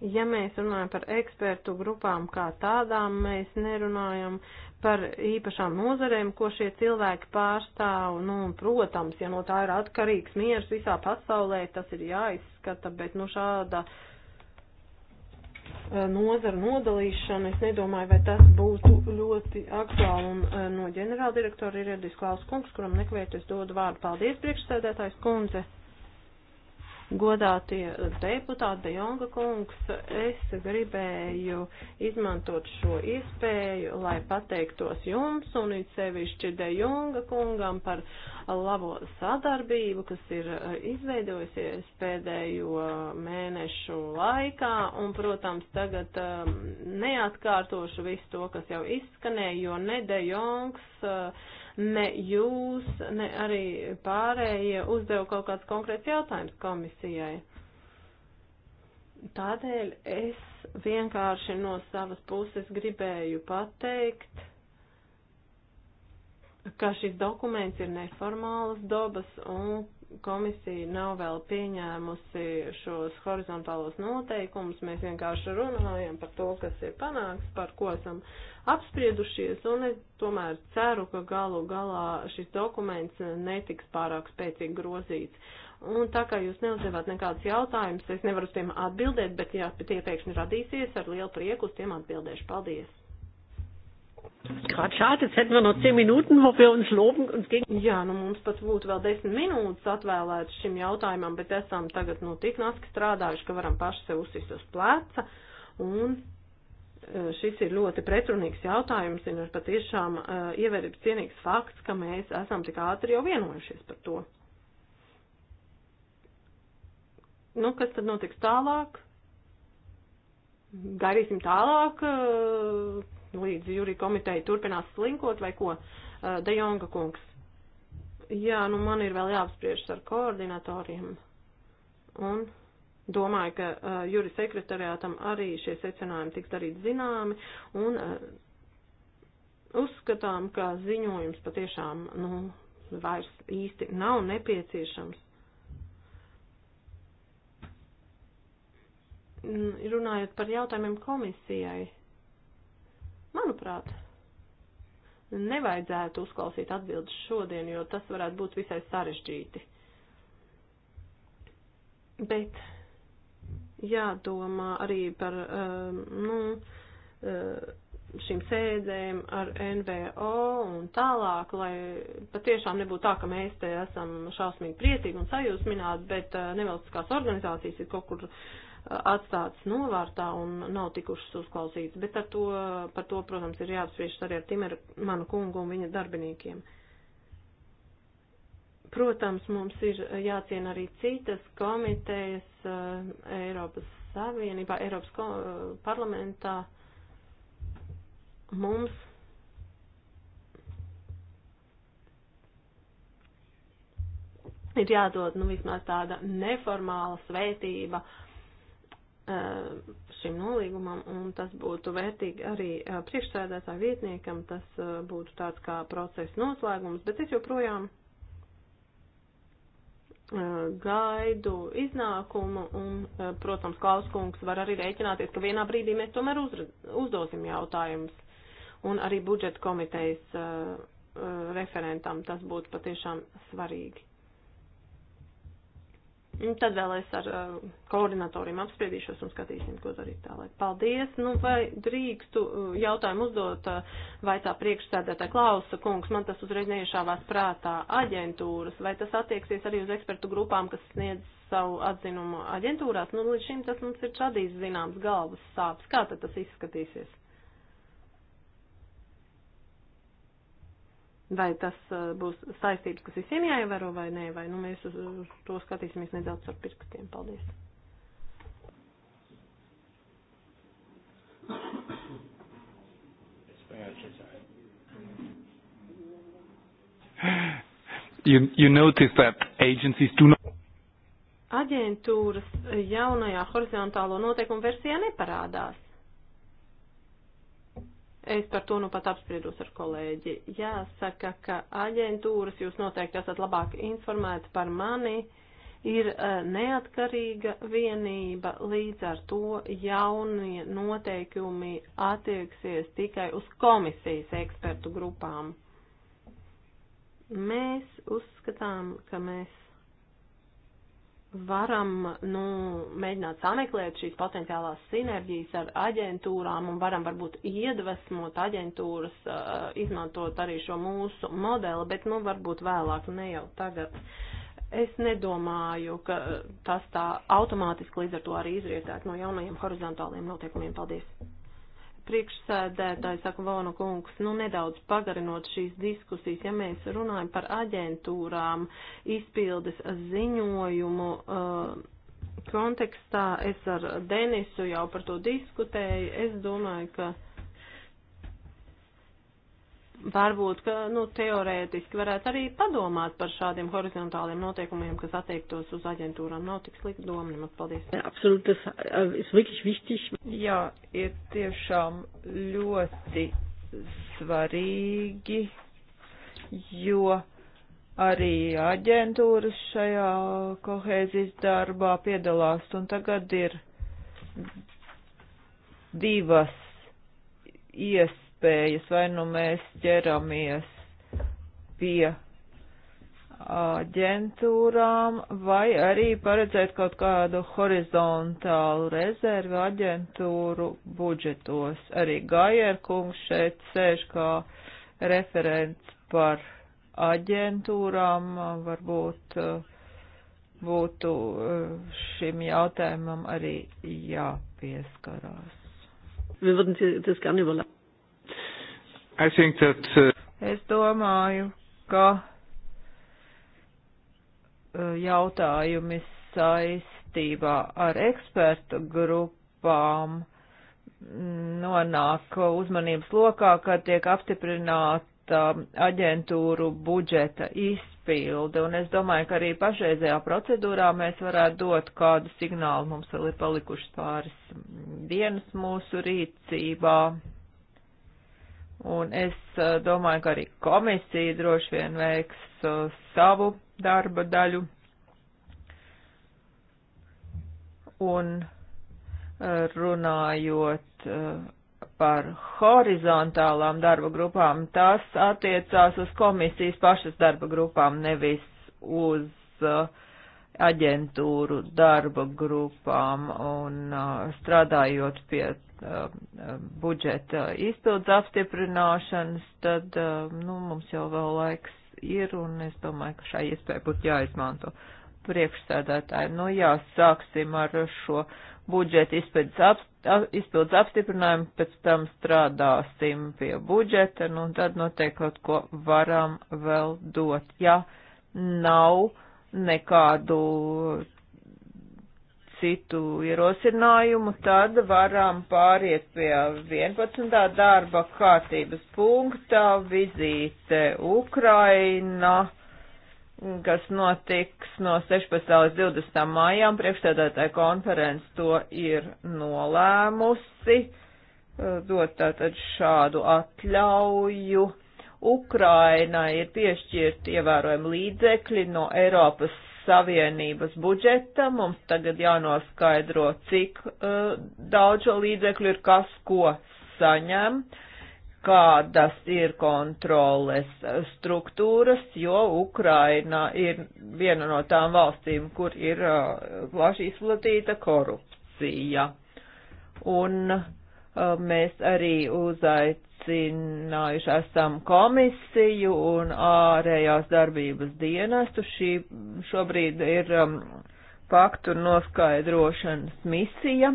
Ja mēs runājam par ekspertu grupām kā tādām, mēs nerunājam par īpašām nozarēm, ko šie cilvēki pārstāv. Nu, protams, ja no tā ir atkarīgs miers visā pasaulē, tas ir jāizskata, bet nu šāda e, nozara nodalīšana, es nedomāju, vai tas būtu ļoti aktuāli. Un e, no ģenerāldirektora ir Edis Klaus Kungs, kuram nekvēties dodu vārdu. Paldies, priekšsēdētājs kundze! Godātie deputāti, Dejonga kungs, es gribēju izmantot šo iespēju, lai pateiktos jums un it sevišķi Dejonga kungam par labo sadarbību, kas ir e, izveidojusies pēdējo mēnešu laikā. Un, protams, tagad e, neatkārtošu visu to, kas jau izskanēja, jo ne Dejongs e, Ne jūs, ne arī pārējie uzdeva kaut kāds konkrēts jautājums komisijai. Tādēļ es vienkārši no savas puses gribēju pateikt, ka šis dokuments ir neformāls dobas un komisija nav vēl pieņēmusi šos horizontālos noteikumus. Mēs vienkārši runājam par to, kas ir panāks, par ko esam apspriedušies, un es tomēr ceru, ka galu galā šis dokuments netiks pārāk spēcīgi grozīts. Un tā kā jūs neuzdevāt nekādus jautājumus, es nevaru uz tiem atbildēt, bet ja tie pēkšņi radīsies, ar lielu prieku uz tiem atbildēšu. Paldies! Gerade schade, jetzt hätten wir noch zehn Minuten, wo wir uns loben und gegen. Jā, nu mums pat būtu vēl desmit minūtes atvēlētas šim jautājumam, bet esam tagad nu tik naski strādājuši, ka varam paši sev uzsist uz pleca. Un e, šis ir ļoti pretrunīgs jautājums un ir patiešām uh, ievērības cienīgs fakts, ka mēs esam tik ātri jau vienojušies par to. Nu, kas tad notiks tālāk? Gaidīsim tālāk, uh, līdz jūrī komiteja turpinās slinkot vai ko, eh, De Jonga kungs. Jā, nu man ir vēl jāapspriežas ar koordinatoriem. Un domāju, ka uh, eh, jūri sekretariātam arī šie secinājumi tiks darīt zināmi. Un uh, uzskatām, ka ziņojums patiešām, nu, vairs īsti nav nepieciešams. Runājot par jautājumiem komisijai manuprāt, nevajadzētu uzklausīt atbildes šodien, jo tas varētu būt visai sarežģīti. Bet jādomā arī par, um, nu, uh, šīm sēdēm ar NVO un tālāk, lai patiešām nebūtu tā, ka mēs te esam šausmīgi priecīgi un sajūsmināti, bet uh, nevalstiskās organizācijas ir kaut kur uh, atstātas novārtā un nav tikušas uzklausītas, bet ar to, par to, protams, ir jāapspriež arī ar Timeru, manu kungu un viņa darbiniekiem. Protams, mums ir jāciena arī citas komitejas eh, Eiropas Savienībā, Eiropas eh, parlamentā. Mums ir jādod, nu, vismaz tāda neformāla svētība uh, Uh, šim nolīgumam, un tas būtu vērtīgi arī uh, priekšsēdētāju vietniekam, tas uh, būtu tāds kā procesa noslēgums, bet es joprojām gaidu iznākumu, un, protams, Klauskungs var arī rēķināties, ka vienā brīdī mēs tomēr uzdosim jautājumus, un arī budžeta komitejas referentam tas būtu patiešām svarīgi. Un nu, tad vēl es ar uh, koordinatoriem apspriedīšos un skatīsim, ko darīt tālāk. Paldies. Nu, vai drīkstu uh, jautājumu uzdot, uh, vai tā priekšsēdētā klausa, kungs, man tas uzreiz neiešāvās prātā aģentūras, vai tas attieksies arī uz ekspertu grupām, kas sniedz savu atzinumu aģentūrās? Nu, līdz šim tas mums ir čadījis zināms galvas sāpes. Kā tad tas izskatīsies? vai tas uh, būs saistības, kas visiem jāievēro vai nē, vai nu mēs uz, uh, uz to skatīsimies nedaudz ar pirkstiem. Paldies. You, you notice that agencies do not. Aģentūras jaunajā horizontālo noteikumu versijā neparādās. Es par to nu pat apspriedos ar kolēģi. Jāsaka, ka aģentūras jūs noteikti esat labāk informēti par mani. Ir e, neatkarīga vienība, līdz ar to jaunie noteikumi attieksies tikai uz komisijas ekspertu grupām. Mēs uzskatām, ka mēs varam nu, mēģināt sameklēt šīs potenciālās sinerģijas ar aģentūrām un varam varbūt iedvesmot aģentūras, uh, izmantot arī šo mūsu modeli, bet nu, varbūt vēlāk, nu, ne jau tagad. Es nedomāju, ka tas tā automātiski līdz ar to arī izrietētu no jaunajiem horizontāliem noteikumiem. Paldies! priekšsēdētāji, saka Vona kungs, nu nedaudz pagarinot šīs diskusijas, ja mēs runājam par aģentūrām, izpildes ziņojumu uh, kontekstā, es ar Denisu jau par to diskutēju, es domāju, ka varbūt, ka, nu, teorētiski varētu arī padomāt par šādiem horizontāliem noteikumiem, kas attiektos uz aģentūrām. Nav tik slikta doma, nemaz paldies. Absolūti, tas eh, ir wirklich wichtig. Jā, ir tiešām ļoti svarīgi, jo arī aģentūras šajā kohēzijas darbā piedalās, un tagad ir divas ies iespējas, vai nu mēs ķeramies pie aģentūrām, vai arī paredzēt kaut kādu horizontālu rezervi aģentūru budžetos. Arī Gajerkungs šeit sēž kā referents par aģentūrām, varbūt būtu šim jautājumam arī jāpieskarās. Wir würden das gerne überlassen. That, uh... Es domāju, ka uh, jautājumi saistībā ar ekspertu grupām nonāk uzmanības lokā, kad tiek apstiprināta aģentūru budžeta izpilde. Un es domāju, ka arī pašreizējā procedūrā mēs varētu dot kādu signālu. Mums vēl ir palikušas pāris dienas mūsu rīcībā. Un es eh, domāju, ka arī komisija droši vien veiks eh, savu darba daļu. Un eh, runājot par horizontālām darba grupām, tas attiecās uz komisijas pašas darba grupām, nevis uz uh, aģentūru darba grupām un strādājot pie budžeta izpildes apstiprināšanas, tad nu, mums jau vēl laiks ir un es domāju, ka šai iespēja būtu jāizmanto priekšsēdētāji. Nu jā, sāksim ar šo budžeta izpildes, apst izpildes apstiprinājumu, pēc tam strādāsim pie budžeta, nu tad noteikti kaut ko varam vēl dot. Ja nav nekādu citu ierosinājumu, tad varam pāriet pie 11. darba kārtības punktā vizīte Ukraina, kas notiks no 16. līdz 20. mājām. Priekšstādātāja konference to ir nolēmusi dot tātad šādu atļauju Ukrainai ir piešķirt ievērojami līdzekļi no Eiropas Savienības budžeta. Mums tagad jānoskaidro, cik uh, daudz šo līdzekļu ir kas ko saņem, kādas ir kontroles struktūras, jo Ukraina ir viena no tām valstīm, kur ir uh, plaši izplatīta korupcija. Un uh, mēs arī uzait aicinājuši esam komisiju un ārējās darbības dienestu. Šī šobrīd ir um, faktu noskaidrošanas misija.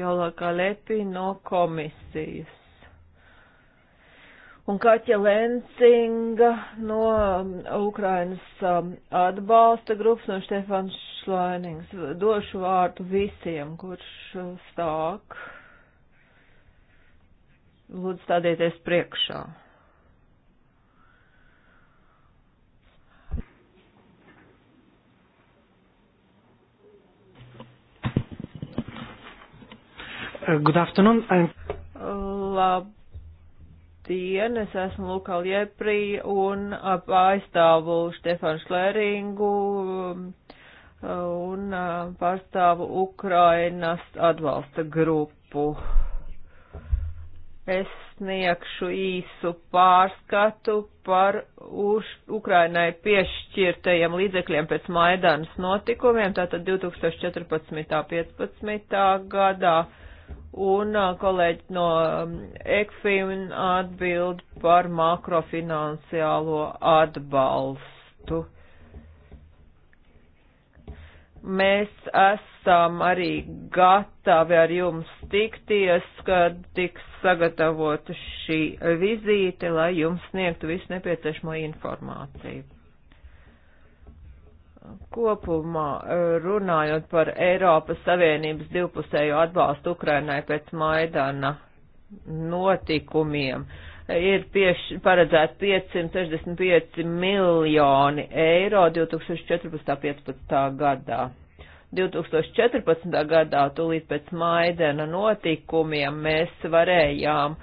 Jālaka Lepi no komisijas un Kaķa Lencinga no um, Ukrainas um, atbalsta grupas no Štefans Šlainings. Došu vārdu visiem, kurš uh, stāk. Lūdzu, stādieties priekšā. Good afternoon. I'm... Lab Labdien, es esmu Luka Lieprī un aizstāvu Štefanu Šlēringu um, un uh, pārstāvu Ukrainas atbalsta grupu. Es sniegšu īsu pārskatu par uz Ukrainai piešķirtajiem līdzekļiem pēc Maidanas notikumiem, tātad 2014. 15. gadā un kolēģi no ECFIN atbild par makrofinansiālo atbalstu. Mēs esam arī gatavi ar jums tikties, kad tiks sagatavota šī vizīte, lai jums sniegtu visu nepieciešamo informāciju. Kopumā e, runājot par Eiropas Savienības divpusējo atbalstu Ukrainai pēc Maidana notikumiem, e, ir pieš, paredzēt 565 miljoni eiro 2014.15. gadā. 2014. gadā, tūlīt pēc Maidana notikumiem, mēs varējām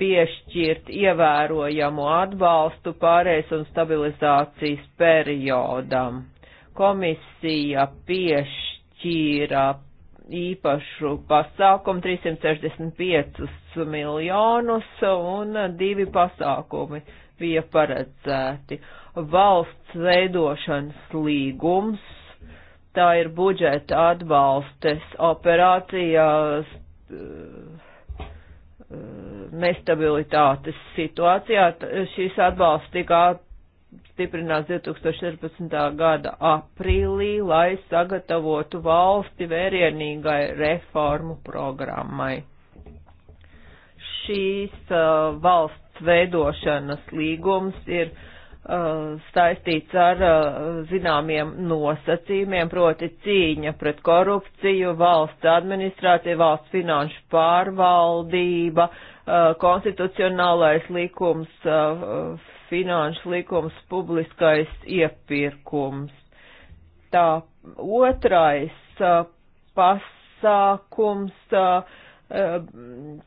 piešķirt ievērojamu atbalstu pārējais un stabilizācijas periodam komisija piešķīra īpašu pasākumu 365 miljonus un divi pasākumi bija paredzēti. Valsts veidošanas līgums, tā ir budžeta atbalstes operācijās eh, nestabilitātes situācijā. Šīs atbalsts tika stiprināts 2014. gada aprīlī, lai sagatavotu valsti vērienīgai reformu programmai. Šīs uh, valsts veidošanas līgums ir uh, saistīts ar uh, zināmiem nosacījumiem, proti cīņa pret korupciju, valsts administrācija, valsts finanšu pārvaldība, uh, konstitucionālais likums, uh, finanšu likums, publiskais iepirkums. Tā otrais pasākums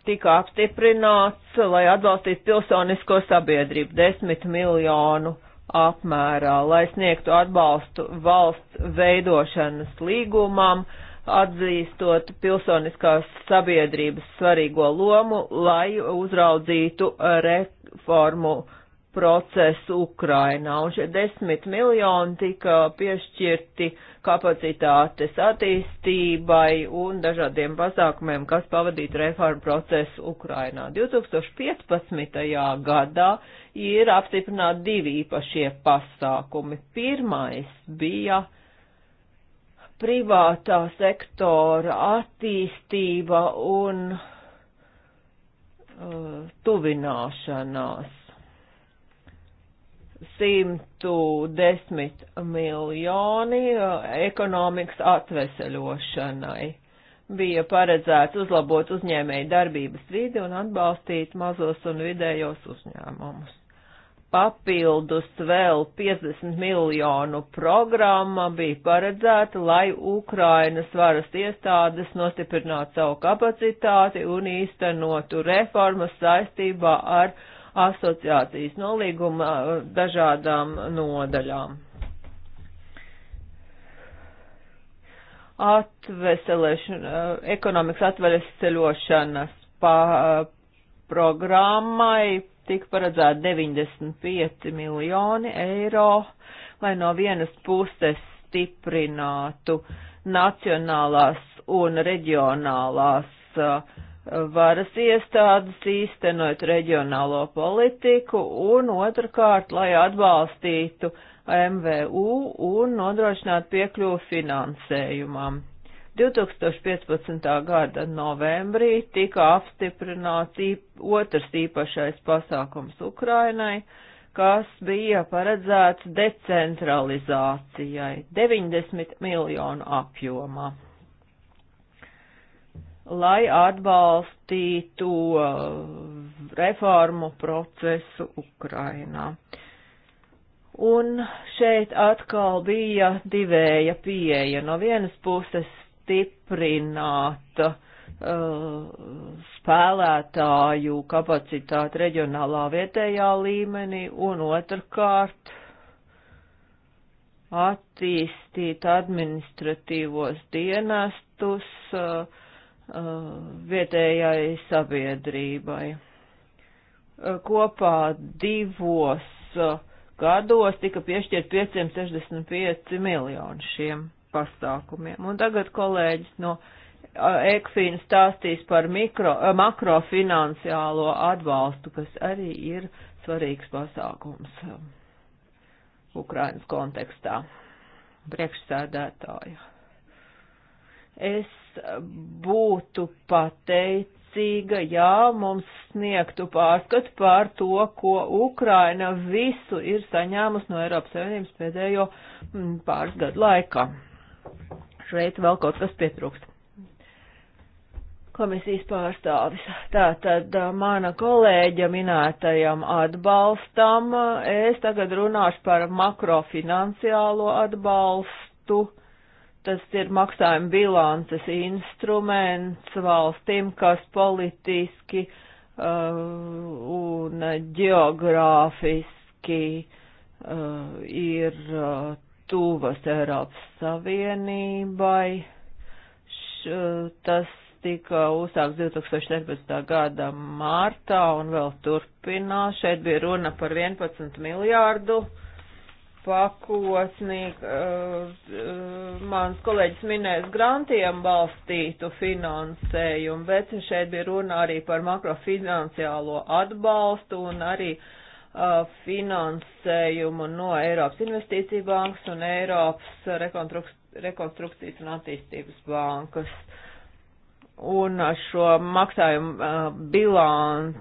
tika apstiprināts, lai atbalstītu pilsonisko sabiedrību desmit miljonu apmērā, lai sniegtu atbalstu valsts veidošanas līgumam, atzīstot pilsoniskās sabiedrības svarīgo lomu, lai uzraudzītu reformu procesu Ukrainā, un šie desmit miljoni tika piešķirti kapacitātes attīstībai un dažādiem pasākumiem, kas pavadītu reformu procesu Ukrainā. 2015. gadā ir apstiprināti divi īpašie pasākumi. Pirmais bija privātā sektora attīstība un uh, tuvināšanās 110 miljoni uh, ekonomikas atveseļošanai. Bija paredzēts uzlabot uzņēmēju darbības vidi un atbalstīt mazos un vidējos uzņēmumus. Papildus vēl 50 miljonu programma bija paredzēta, lai Ukrainas varas iestādes nostiprinātu savu kapacitāti un īstenotu reformas saistībā ar uh, asociācijas nolīguma uh, dažādām nodaļām. Atveselēšana, uh, ekonomikas atveseļošanas uh, programmai tika paredzēta 95 miljoni eiro, lai no vienas puses stiprinātu nacionālās un reģionālās uh, varas iestādes īstenot reģionālo politiku un otrkārt, lai atbalstītu MVU un nodrošinātu piekļuvu finansējumam. 2015. gada novembrī tika apstiprināts īp otrs īpašais pasākums Ukrainai, kas bija paredzēts decentralizācijai 90 miljonu apjomā lai atbalstītu uh, reformu procesu Ukrainā. Un šeit atkal bija divēja pieeja. No vienas puses stiprināt uh, spēlētāju kapacitāti reģionālā vietējā līmenī un otrkārt attīstīt administratīvos dienestus, uh, Uh, vietējai sabiedrībai. Uh, kopā divos uh, gados tika piešķirt 565 miljoni šiem pasākumiem. Un tagad kolēģis no Ekfīna stāstīs par mikro, makrofinansiālo atbalstu, kas arī ir svarīgs pasākums Ukrainas kontekstā. Priekšsēdētāju. Es būtu pateicīga, ja mums sniegtu pārskatu par to, ko Ukraina visu ir saņēmusi no Eiropas Savienības pēdējo mm, pāris gadu laikā. Šeit vēl kaut kas pietrūkst komisijas pārstāvis. Tātad mana kolēģa minētajam atbalstam, es tagad runāšu par makrofinansiālo atbalstu. Tas ir maksājuma bilances instruments valstīm, kas politiski uh, un geogrāfiski uh, ir uh, tuvas Eiropas Savienībai. Š, uh, tas tika uzsākts 2014. gada martā un vēl turpinās. Šeit bija runa par 11 miljārdu uh, pakosnī, eh, eh, mans kolēģis minēs grantiem balstītu finansējumu, bet šeit bija runa arī par makrofinanciālo atbalstu un arī eh, finansējumu no Eiropas Investīcija bankas un Eiropas rekonstrukcijas un attīstības bankas. Un šo maksājumu bilanci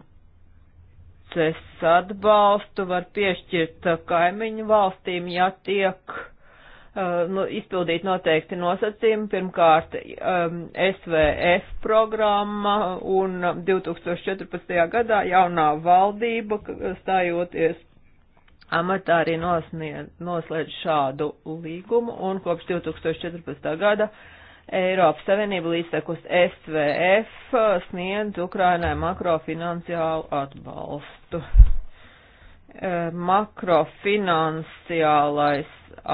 Ķīpces atbalstu var piešķirt uh, kaimiņu valstīm, ja tiek uh, nu, izpildīt noteikti nosacījumi. Pirmkārt, um, SVF programma un 2014. gadā jaunā valdība, stājoties amatā, arī nosniedz, noslēdz šādu līgumu un kopš 2014. gada uh, Eiropas Savienība līdztekus SVF sniedz Ukrainai makrofinansiālu atbalstu. E, Makrofinansiālais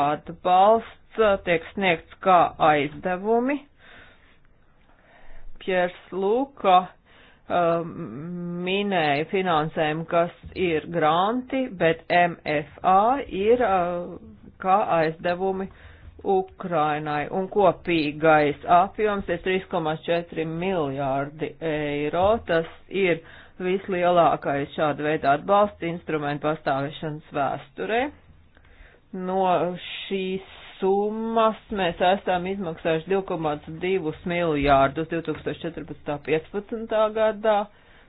atbalsts e, tiek sniegts kā aizdevumi. Piers Lūka e, minēja finansējumu, kas ir granti, bet MFA ir kā aizdevumi Ukrainai un kopīgais apjoms ir 3,4 miljārdi eiro. Tas ir vislielākais šāda veida atbalsts instrumentu pastāvēšanas vēsturē. No šīs summas mēs esam izmaksājuši 2,2 miljārdus 2014.15. gadā.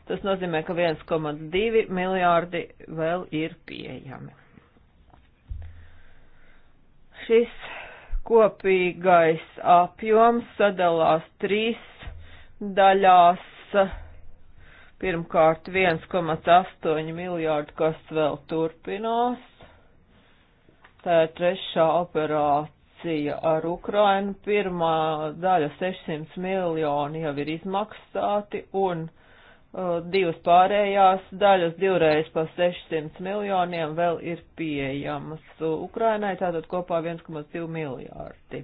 Tas nozīmē, ka 1,2 miljārdi vēl ir pieejami. Šis Kopīgais apjoms sadalās trīs daļās. Pirmkārt 1,8 miljārdu, kas vēl turpinās. Tā ir trešā operācija ar Ukrainu. Pirmā daļa 600 miljoni jau ir izmaksāti un Uh, divas pārējās daļas divreiz pa 600 miljoniem vēl ir pieejamas. Ukrainai tātad kopā 1,2 miljārdi.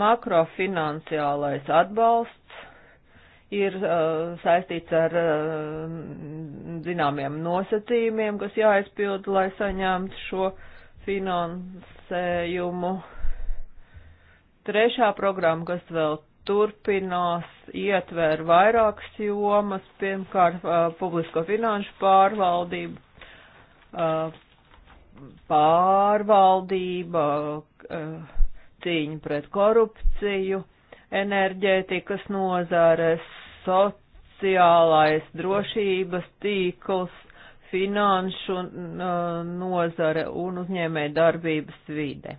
Makrofinanciālais atbalsts ir uh, saistīts ar uh, zināmiem nosacījumiem, kas jāizpilda, lai saņemtu šo finansējumu. Trešā programma, kas vēl turpinās ietver vairākas jomas, pirmkārt uh, publisko finanšu pārvaldību, uh, pārvaldība, uh, cīņa pret korupciju, enerģētikas nozares, sociālais drošības tīkls, finanšu nozare un uzņēmē darbības vide.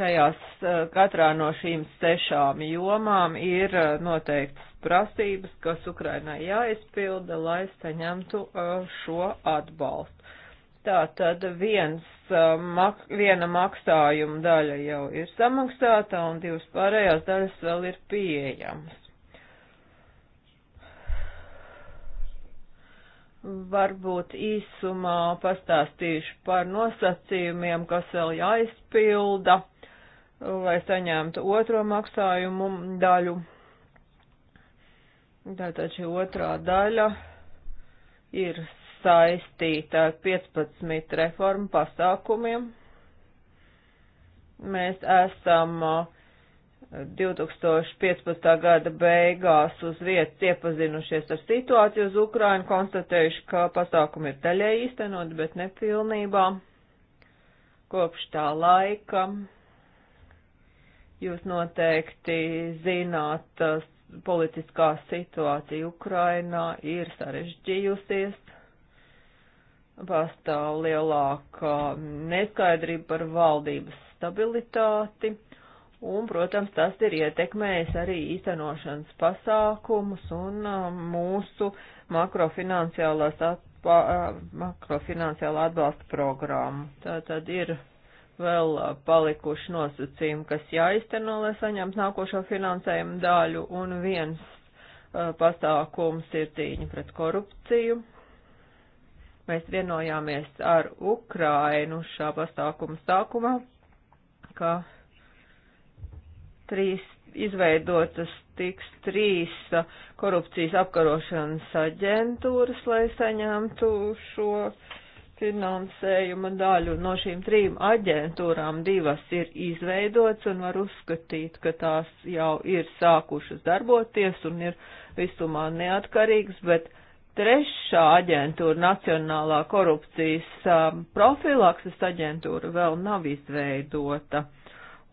Šajās eh, katrā no šīm sešām jomām ir eh, noteikts prasības, kas Ukrainai jāizpilda, lai saņemtu eh, šo atbalstu. Tātad viens, mak, viena maksājuma daļa jau ir samaksāta un divas pārējās daļas vēl ir pieejamas. Varbūt īsumā pastāstīšu par nosacījumiem, kas vēl jāizpilda lai saņemtu otro maksājumu daļu. Tātad šī otrā daļa ir saistīta ar 15 reformu pasākumiem. Mēs esam 2015. Uh, gada beigās uz vietas iepazinušies ar situāciju uz Ukrainu, konstatējuši, ka pasākumi ir daļai īstenot, bet nepilnībā. Kopš tā laika Jūs noteikti zināt, politiskā situācija Ukrainā ir sarežģījusies. Pastāv lielākā neskaidrība par valdības stabilitāti. Un, protams, tas ir ietekmējis arī īstenošanas pasākumus un mūsu makrofinanciālās atbalsta, makrofinanciālā atbalsta programmu. Tā tad ir vēl palikuši nosacījumi, kas jāizteno, lai saņemtu nākošo finansējumu daļu, un viens uh, pasākums ir cīņa pret korupciju. Mēs vienojāmies ar Ukrainu šā pasākuma sākumā, ka trīs izveidotas tiks trīs korupcijas apkarošanas aģentūras, lai saņemtu šo uh, finansējuma daļu. No šīm trim aģentūrām divas ir izveidots un var uzskatīt, ka tās jau ir sākušas darboties un ir visumā neatkarīgas, bet trešā aģentūra, Nacionālā korupcijas um, profilakses aģentūra, vēl nav izveidota.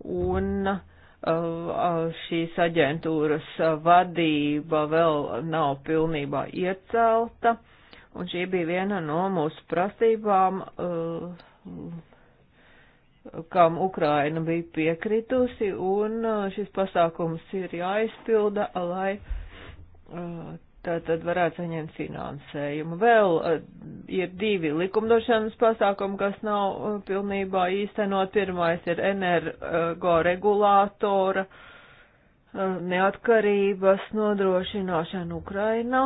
Un uh, šīs aģentūras uh, vadība vēl nav pilnībā iecelta un šī bija viena no mūsu prasībām, eh, kam Ukraina bija piekritusi, un eh, šis pasākums ir jāizpilda, lai eh, tā tad varētu saņemt finansējumu. Vēl ir divi likumdošanas pasākumi, kas nav pilnībā īstenot. Pirmais ir energoregulātora neatkarības nodrošināšana Ukrainā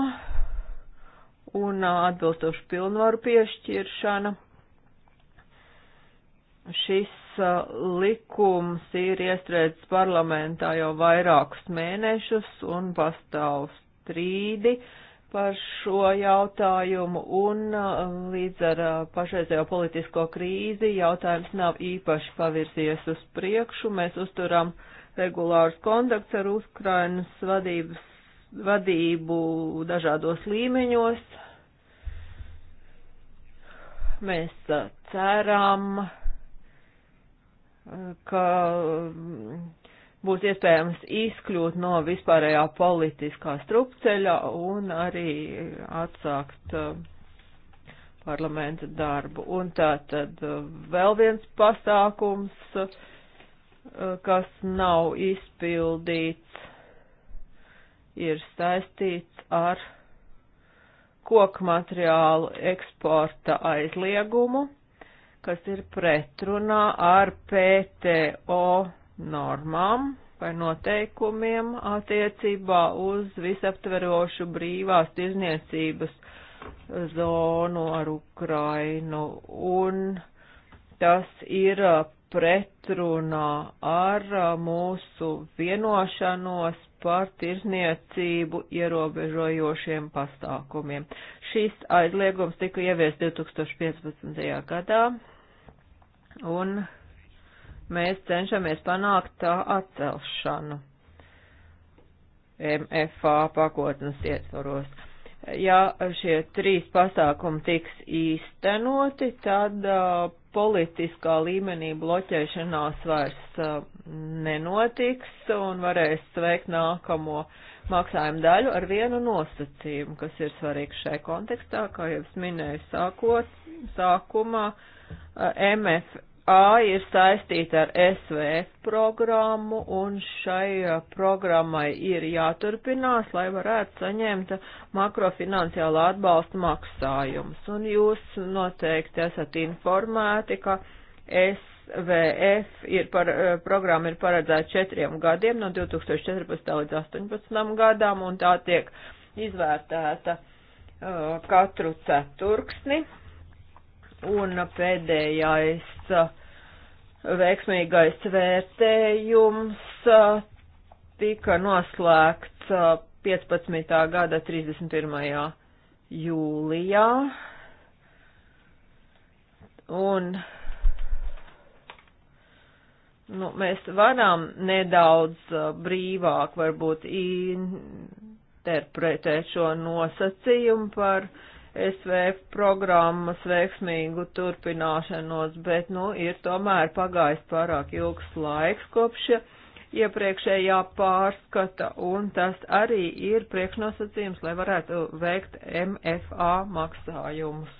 un atbilstošu pilnvaru piešķiršana. Šis likums ir iestrēdzis parlamentā jau vairākus mēnešus un pastāv strīdi par šo jautājumu un līdz ar pašreizējo politisko krīzi jautājums nav īpaši pavirzies uz priekšu. Mēs uzturam regulārus kontakts ar Ukrainas vadības vadību dažādos līmeņos. Mēs uh, ceram, uh, ka mm, būs iespējams izkļūt no vispārējā politiskā strupceļa un arī atsākt uh, parlamenta darbu. Un tā tad vēl viens pasākums, kas nav izpildīts ir saistīts ar koku materiālu eksporta aizliegumu, kas ir pretrunā ar PTO normām vai noteikumiem attiecībā uz visaptverošu brīvās tirzniecības zonu ar Ukrainu, un tas ir pretrunā ar mūsu vienošanos par tirzniecību ierobežojošiem pasākumiem. Šis aizliegums tika ieviest 2015. gadā, un mēs cenšamies panākt tā atcelšanu MFA pakotnes ietvaros. Ja šie trīs pasākumi tiks īstenoti, tad uh, politiskā līmenī bloķēšanās vairs uh, nenotiks un varēs sveikt nākamo maksājumu daļu ar vienu nosacījumu, kas ir svarīgs šai kontekstā, kā jau es minēju sākot, sākumā, uh, MF A ir saistīta ar SVF programmu, un šai programmai ir jāturpinās, lai varētu saņemt makrofinansiālu atbalstu maksājumus. Un jūs noteikti esat informēti, ka SVF ir par, programma ir paredzēta četriem gadiem, no 2014 līdz 2018 gadām, un tā tiek izvērtēta uh, katru ceturksni un pēdējais veiksmīgais vērtējums tika noslēgts 15. gada 31. jūlijā. Un nu, mēs varam nedaudz brīvāk varbūt interpretēt šo nosacījumu par uh, SVF programmas veiksmīgu turpināšanos, bet, nu, ir tomēr pagājis pārāk ilgs laiks kopš iepriekšējā pārskata, un tas arī ir priekšnosacījums, lai varētu veikt MFA maksājumus.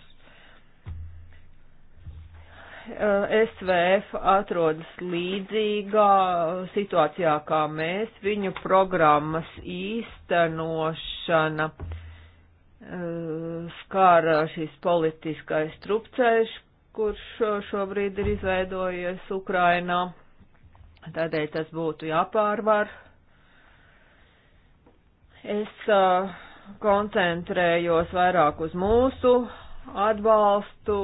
SVF atrodas līdzīgā situācijā kā mēs, viņu programmas īstenošana skāra šis politiskais trupceļš, kurš šobrīd ir izveidojies Ukrainā. Tādēļ tas būtu jāpārvar. Es uh, koncentrējos vairāk uz mūsu atbalstu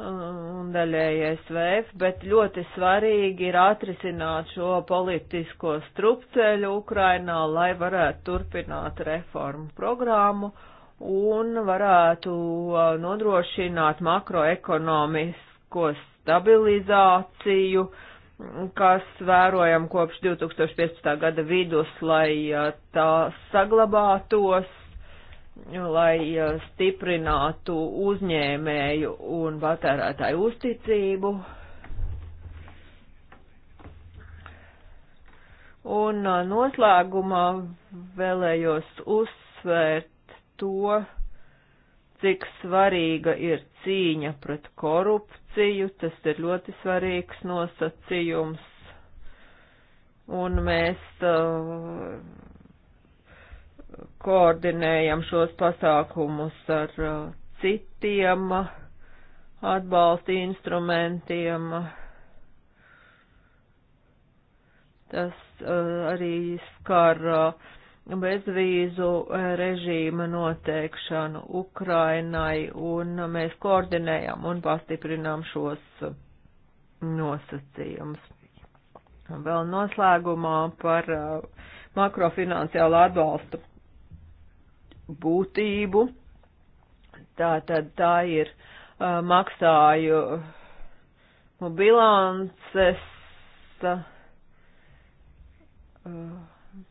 un daļēji SVF, bet ļoti svarīgi ir atrisināt šo politisko strupceļu Ukrainā, lai varētu turpināt reformu programmu un varētu uh, nodrošināt makroekonomisko stabilizāciju, kas vērojam kopš 2015. gada vidus, lai uh, tā saglabātos, lai uh, stiprinātu uzņēmēju un patērētāju uzticību. Un noslēgumā vēlējos uzsvērt to, cik svarīga ir cīņa pret korupciju, tas ir ļoti svarīgs nosacījums, un mēs uh, koordinējam šos pasākumus ar uh, citiem atbalsta instrumentiem. Tas uh, arī skar uh, bezvīzu eh, režīma noteikšanu Ukrainai, un mēs koordinējam un pastiprinām šos eh, nosacījumus. Vēl noslēgumā par eh, makrofinanciālu atbalstu būtību. Tā tad tā ir uh, maksāju bilances uh,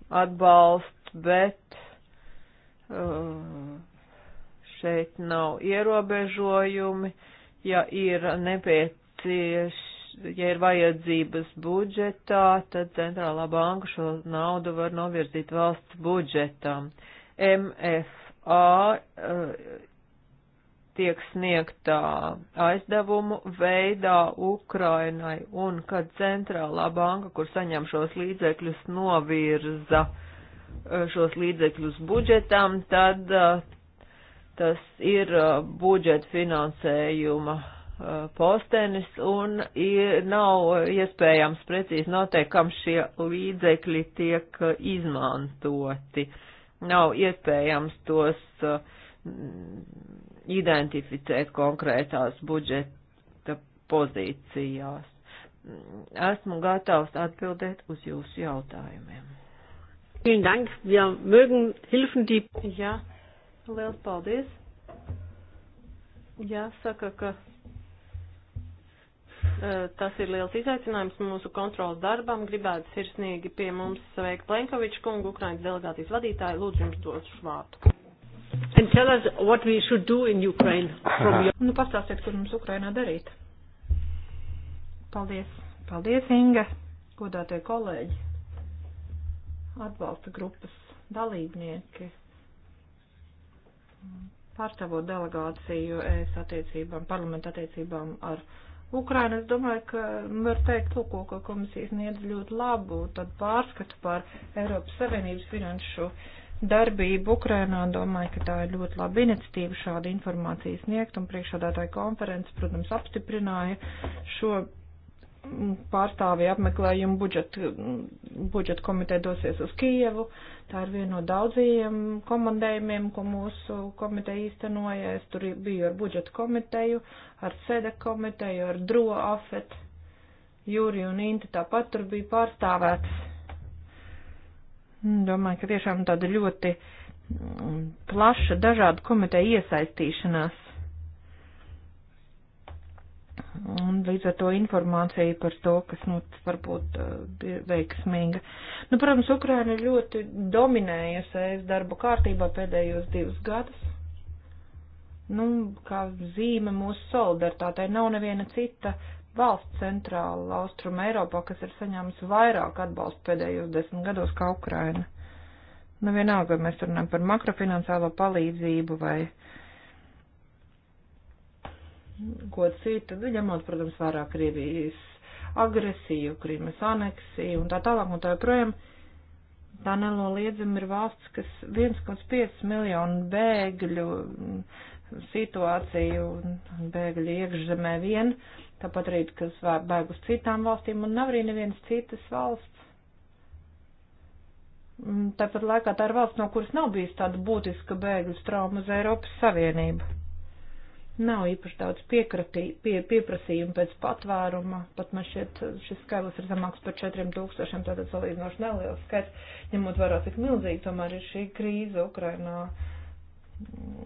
atbalsts bet uh, šeit nav ierobežojumi, ja ir nepieciešams. Ja ir vajadzības budžetā, tad centrālā banka šo naudu var novirzīt valsts budžetam. MFA uh, tiek sniegtā aizdevumu veidā Ukrainai, un kad centrālā banka, kur saņem šos līdzekļus, novirza uh, Eh, šos līdzekļus budžetam, tad eh, tas ir eh, budžeta finansējuma postenis un ir, nav iespējams precīzi noteikt, kam šie līdzekļi tiek izmantoti. Nav iespējams tos identificēt konkrētās budžeta pozīcijās. Esmu gatavs atbildēt uz jūsu jautājumiem. Vielen Dank. Wir mögen Hilfen, die. Jā, liels paldies. Jāsaka, ka e, tas ir liels izaicinājums mūsu kontrolas darbam. Gribētu sirsnīgi pie mums sveikt Plenkoviču kungu, Ukrainas delegācijas vadītāju. Lūdzu, jums došu vārdu. And tell us what we should do in Ukraine. From your... Nu, pastāstiet, ko mums Ukrainā darīt. Paldies. Paldies, Inga. Godātie kolēģi atbalsta grupas dalībnieki pārstāvot delegāciju ES attiecībām, parlamenta attiecībām ar Ukrainu. Es domāju, ka var teikt, lūk, ko komisija sniedz ļoti labu tad pārskatu par Eiropas Savienības finanšu darbību Ukrainā. Domāju, ka tā ir ļoti laba iniciatīva šāda informācija sniegt un priekšādātāja konferences, protams, apstiprināja šo pārstāvja apmeklējumu budžeta, budžeta komiteja dosies uz Kijevu. Tā ir viena no daudzajiem komandējumiem, ko mūsu komiteja īstenoja. Es tur biju ar budžeta komiteju, ar sēde komiteju, ar dro afet. Jūri un Inti tāpat tur bija pārstāvēts. Domāju, ka tiešām tāda ļoti mm, plaša dažādu komiteju iesaistīšanās un līdz ar to informācija par to, kas nu, varbūt eh, ir veiksmīga. Nu, protams, Ukraina ir ļoti dominējusi es darbu kārtībā pēdējos divus gadus. Nu, kā zīme mūsu solidaritātei nav neviena cita valsts centrāla austruma Eiropā, kas ir saņēmusi vairāk atbalstu pēdējos desmit gados kā Ukraina. Nu, vienalga, vai mēs runājam par makrofinansālo palīdzību vai uh, ko citu, ņemot, protams, vērā Krievijas agresiju, Krīmas aneksiju un tā tālāk un tā joprojām. Tā nenoliedzami ir valsts, kas 1,5 miljonu bēgļu situāciju un bēgļu iekšzemē vien, tāpat arī, kas bēg uz citām valstīm un nav arī nevienas citas valsts. Mm, tāpat laikā tā ir valsts, no kuras nav bijis tāda būtiska bēgļu trauma uz Eiropas Savienību nav īpaši daudz piekratī, pie, pieprasījumu pēc patvēruma, pat man šķiet šis skaitlis ir zemāks par 4000, tātad salīdzinoši neliels skaits, ņemot vērā, cik milzīgi tomēr ir šī krīze Ukrainā.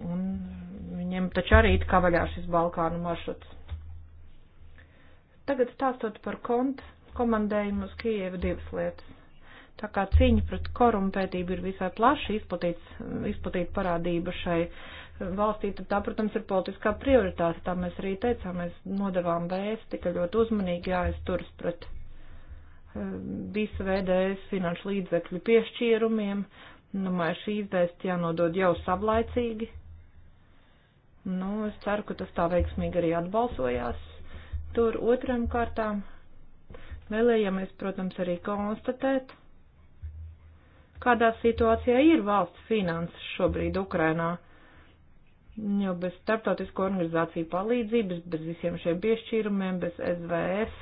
Un viņiem taču arī it kā vaļā šis Balkānu maršruts. Tagad stāstot par kontu, komandējumu uz Kijievu divas lietas. Tā kā cīņa pret korumpētību ir visai plaši izplatīta parādība šai uh, valstī, tad tā, protams, ir politiskā prioritāte. Tā mēs arī teicām, mēs nodevām vēsti, ka ļoti uzmanīgi jāizturas pret eh, visu VDS finanšu līdzekļu piešķīrumiem. Domāju, nu, šīs vēsti jānodod jau savlaicīgi. Nu, es ceru, ka tas tā veiksmīgi arī atbalsojās. Tur otram kārtām vēlējamies, protams, arī konstatēt, kādā situācijā ir valsts finanses šobrīd Ukrainā jo bez starptautisko organizāciju palīdzības, bez visiem šiem piešķīrumiem, bez SVF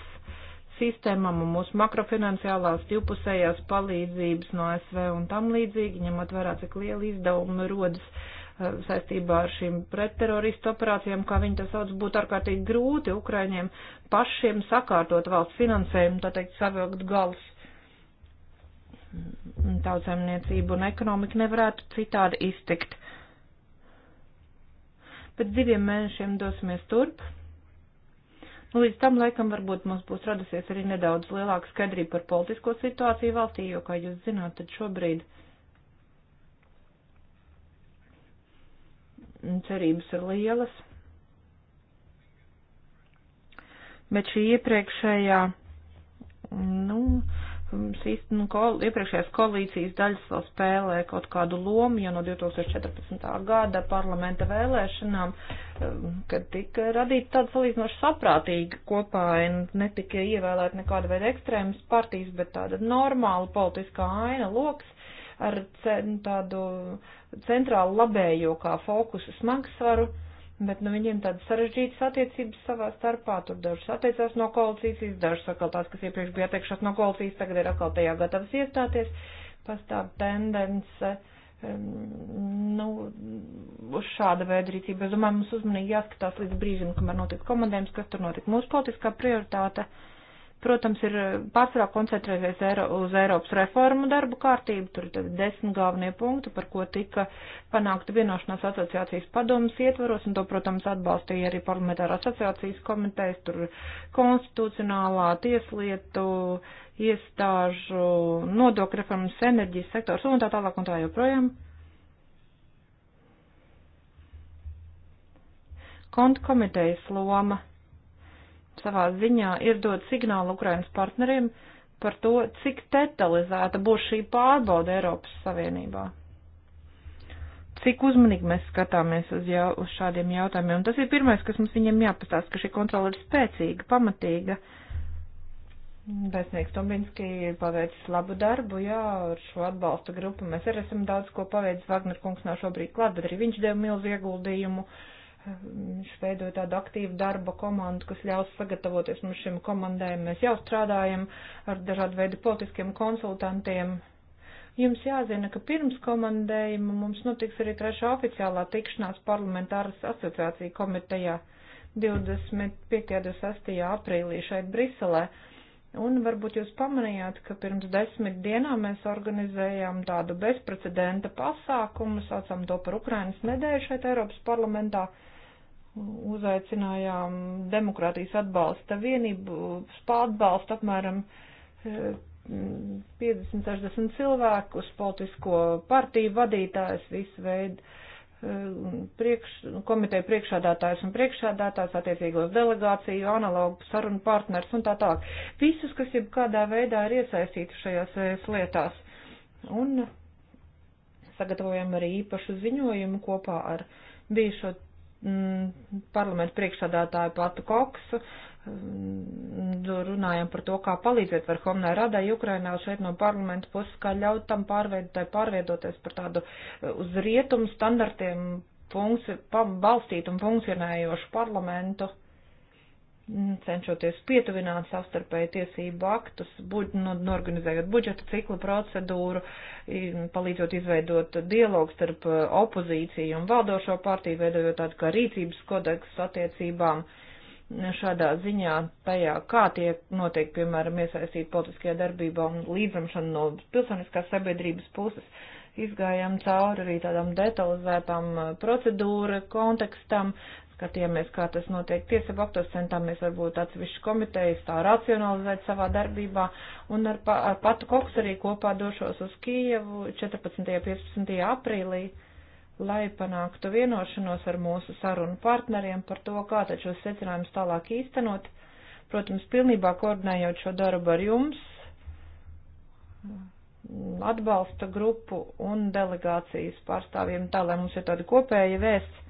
sistēmām un mūsu makrofinanciālās divpusējās palīdzības no ASV un tam līdzīgi, ņemot vērā, cik liela izdevuma rodas eh, saistībā ar šīm pretteroristu operācijām, kā viņi to sauc, būtu ārkārtīgi grūti Ukraiņiem pašiem sakārtot valsts finansējumu, tā teikt, savilkt galus. Tautsēmniecību un ekonomika nevarētu citādi iztikt. Uh, Pēc diviem mēnešiem dosimies turp. Nu, līdz tam laikam varbūt mums būs radusies arī nedaudz lielāka skaidrība par politisko situāciju valstī, jo, kā jūs zināt, tad šobrīd cerības ir lielas. Bet šī iepriekšējā, nu, šīs mm, nu, kol, iepriekšējās koalīcijas daļas vēl spēlē kaut kādu lomu, jo no 2014. gada parlamenta vēlēšanām, mm, kad tika radīta tāda salīdzinoši saprātīga kopā, netika ievēlēta nekāda veida ekstrēmas partijas, bet tāda normāla politiskā aina loks ar cen, tādu centrālu labējo kā fokusu smagsvaru. Uh, bet nu, viņiem tādas sarežģītas attiecības savā starpā. Tur dažs atteicās no koalīcijas, dažs atkal tās, kas iepriekš bija atteikšās no koalīcijas, tagad ir atkal tajā gatavas iestāties. Pastāv tendence. Nu, uz šāda veida rīcību. Es domāju, mums uzmanīgi jāskatās līdz brīdim, kamēr notiek komandējums, kas tur notiek. Mūsu politiskā prioritāte uh, protams, ir eh, pārsvarā koncentrējies Eiro, uz Eiropas reformu darbu kārtību. Tur ir desmit galvenie punkti, par ko tika panākta vienošanās asociācijas padomas ietvaros, un to, protams, atbalstīja arī parlamentāra asociācijas komitejas, tur konstitucionālā tieslietu iestāžu, nodokļu reformas, enerģijas sektors un tā tālāk un tā joprojām. Kontu komitejas loma savā ziņā ir dot signālu Ukrainas partneriem par to, cik detalizēta būs šī pārbauda Eiropas Savienībā. Cik uzmanīgi mēs skatāmies uz, jau, uz šādiem jautājumiem. Un tas ir pirmais, kas mums viņiem jāpastāst, ka šī kontrola ir spēcīga, pamatīga. Pēcnieks Tombinski ir paveicis labu darbu, jā, ar šo atbalsta grupu mēs arī esam daudz ko paveicis. Vagner kungs nav šobrīd klāt, bet arī viņš deva milzu ieguldījumu. Uh, Viņš veidoja tādu aktīvu darba komandu, kas ļaus sagatavoties mums šim komandējumam. Mēs jau strādājam ar dažādu veidu politiskiem konsultantiem. Jums jāzina, ka pirms komandējuma mums notiks arī trešā oficiālā tikšanās parlamentāras asociācija komitejā 25. un 6. aprīlī šeit Briselē. Un varbūt jūs pamanījāt, ka pirms desmit dienām mēs organizējām tādu bezprecedenta pasākumu, saucam to par Ukrainas nedēļu šeit Eiropas parlamentā. Uh, uzaicinājām demokrātijas atbalsta vienību, atbalstu apmēram 50-60 e, cilvēkus, politisko partiju vadītājus, visu veidu e, priekš, komiteju priekšādātājus un priekšādātājus, attiecīgos delegāciju, analogu sarunu partners un tā tālāk. Visus, kas jau kādā veidā ir iesaistīti šajās lietās. Un sagatavojam arī īpašu ziņojumu kopā ar bijušo Mm, parlamentu priekšsādātāju Patu Koksu, mm, runājam par to, kā palīdzēt var Homnai Radai Ukrainā šeit no parlamentu puses, kā ļaut tam pārveidotai pārveidoties par tādu eh, uz rietumu standartiem balstītu un funkcionējošu parlamentu Mm, cenšoties pietuvināt savstarpēju tiesību aktus, buģ, no, nu, norganizējot budžeta ciklu procedūru, palīdzot izveidot dialogu starp uh, opozīciju un valdošo partiju, veidojot tādu kā rīcības kodeksu attiecībām šādā ziņā tajā, kā tiek notiek, piemēram, iesaistīt politiskajā darbībā un līdzamšana no pilsoniskās sabiedrības puses izgājām cauri arī tādām detalizētām uh, procedūra kontekstam, skatījāmies, kā tas notiek tiesa faktos, centāmies varbūt atsevišķu komitejas tā racionalizēt savā darbībā, un ar, pa, ar patu koks arī kopā došos uz Kijevu 14. un 15. aprīlī, lai panāktu vienošanos ar mūsu sarunu partneriem par to, kā tad šos secinājumus tālāk īstenot, protams, pilnībā koordinējot šo darbu ar jums. Mm Mm, atbalsta grupu un delegācijas pārstāvjiem, tā lai mums ir tāda kopēja vēsts.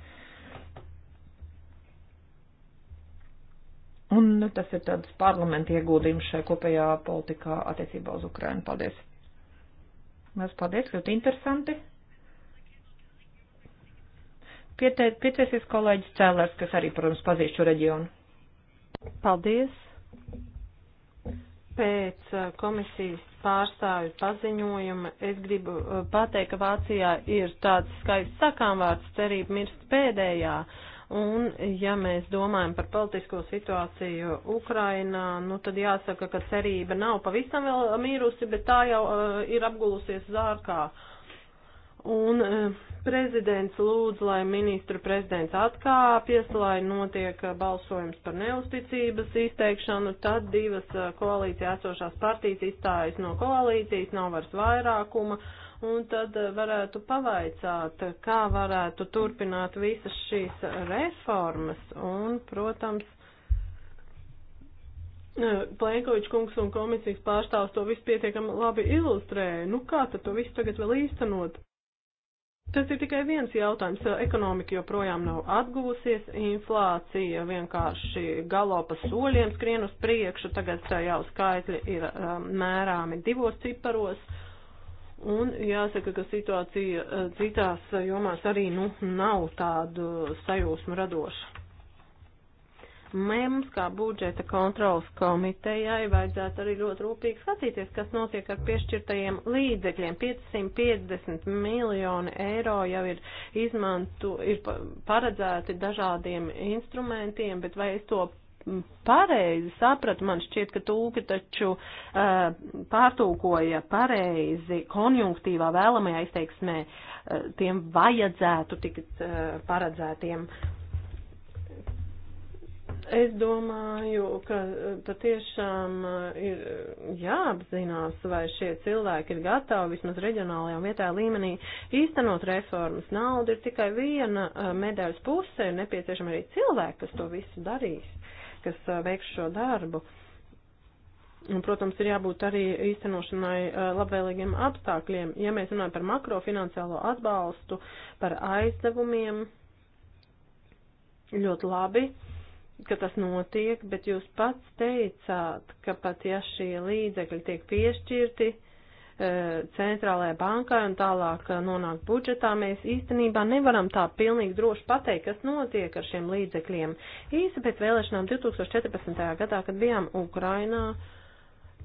Un nu, tas ir tāds parlamenta ieguldījums šajā kopējā politikā attiecībā uz Ukrainu. Paldies! Mēs paldies, ļoti interesanti. Piete, pieteicies kolēģis Cēlērs, kas arī, protams, pazīst šo reģionu. Paldies! Pēc uh, komisijas pārstāvju paziņojuma es gribu uh, pateikt, ka Vācijā ir tāds skaists sakāmvārds cerība mirst pēdējā. Un, ja mēs domājam par politisko situāciju Ukrainā, nu tad jāsaka, ka cerība nav pavisam vēl mīrusi, bet tā jau uh, ir apgulusies zārkā. Uh, Un e, prezidents lūdz, lai ministra prezidents atkāpjas, lai notiek e, balsojums par neusticības izteikšanu, tad divas e, koalīcijā esošās partijas izstājas no koalīcijas, nav vairs vairākuma, un tad varētu pavaicāt, kā varētu turpināt visas šīs reformas, un, protams, Plenkovičs kungs un komisijas pārstāvs to visu pietiekami labi ilustrēja. Nu kā tad to visu tagad vēl īstenot? Tas ir tikai viens jautājums. Ekonomika joprojām nav atguvusies, inflācija vienkārši galopa soļiem skrien uz priekšu, tagad jau skaitļi ir um, mērāmi divos ciparos. Un jāsaka, ka situācija uh, citās jomās arī nu, nav tādu sajūsmu radoša. Mums, kā budžeta kontrolas komitejai, vajadzētu arī ļoti rūpīgi skatīties, kas notiek ar piešķirtajiem līdzekļiem. 550 miljoni eiro jau ir, izmantu, ir paredzēti dažādiem instrumentiem, bet vai es to pareizi sapratu, man šķiet, ka tūki taču uh, eh, pārtūkoja pareizi konjunktīvā vēlamajā izteiksmē uh, tiem vajadzētu tikt uh, paredzētiem Es domāju, ka eh, patiešām eh, ir eh, jāapzinās, vai šie cilvēki ir gatavi vismaz reģionālajā un vietējā līmenī īstenot reformas. Nauda ir tikai viena medaļas puse, ir nepieciešama arī cilvēki, kas to visu darīs, kas veiks šo darbu. Un, protams, ir jābūt arī īstenošanai labvēlīgiem apstākļiem. Ja mēs runājam par makrofinanciālo atbalstu, par aizdevumiem, ļoti labi ka tas notiek, bet jūs pats teicāt, ka pat ja šie līdzekļi tiek piešķirti, e, centrālajai bankai un tālāk e, nonāk budžetā, mēs īstenībā nevaram tā pilnīgi droši pateikt, kas notiek ar šiem līdzekļiem. Īsi pēc vēlēšanām 2014. gadā, kad bijām Ukrainā, uh,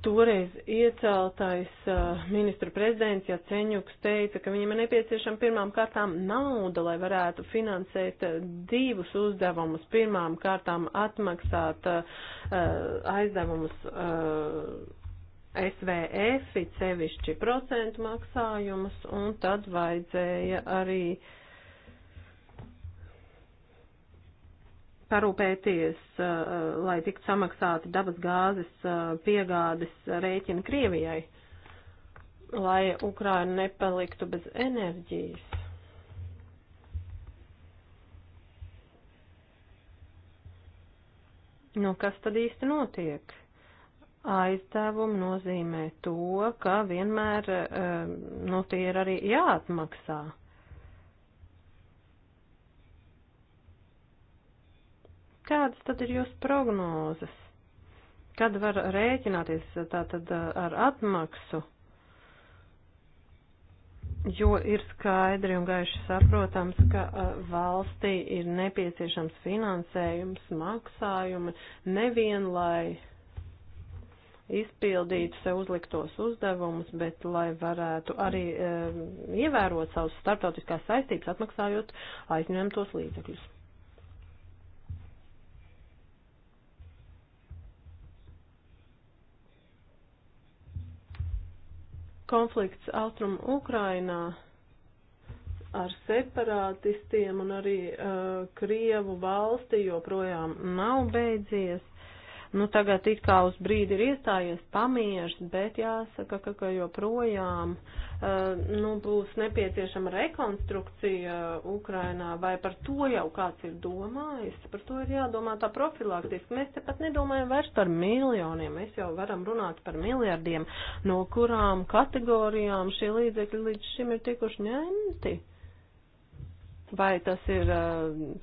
Toreiz ieceltais uh, ministru prezidents Jaceņuks teica, ka viņam ir nepieciešama pirmām kārtām nauda, lai varētu finansēt uh, divus uzdevumus. Pirmām kārtām atmaksāt uh, uh aizdevumus uh, SVF, sevišķi procentu maksājumus, un tad vajadzēja arī uh, parūpēties, eh, lai tiktu samaksāti dabas gāzes eh, piegādes rēķini Krievijai, lai Ukraina nepaliktu bez enerģijas. Nu, kas tad īsti notiek? Aizdevumi nozīmē to, ka vienmēr, eh, nu, tie ir arī jāatmaksā. Kādas tad ir jūsu prognozes? Kad var rēķināties eh, tātad eh, ar atmaksu? Jo ir skaidri un gaiši saprotams, ka eh, valstī ir nepieciešams finansējums, maksājumi nevien, lai izpildītu sev uzliktos uzdevumus, bet lai varētu arī e, ievērot savus starptautiskās saistības, atmaksājot aizņemtos līdzekļus. Konflikts Austrum Ukrainā ar separātistiem un arī uh, Krievu valsti joprojām nav beidzies. Nu, tagad it kā uz brīdi ir iestājies pamieris, bet jāsaka, ka, ka joprojām uh, Eh, nu, būs nepieciešama rekonstrukcija eh, Ukrainā, vai par to jau kāds ir domājis, par to ir jādomā tā profilaktiski. Mēs te pat nedomājam vairs par miljoniem, mēs jau varam runāt par miljardiem, no kurām kategorijām šie līdzekļi līdz šim ir tikuši ņemti. Uh, Vai tas ir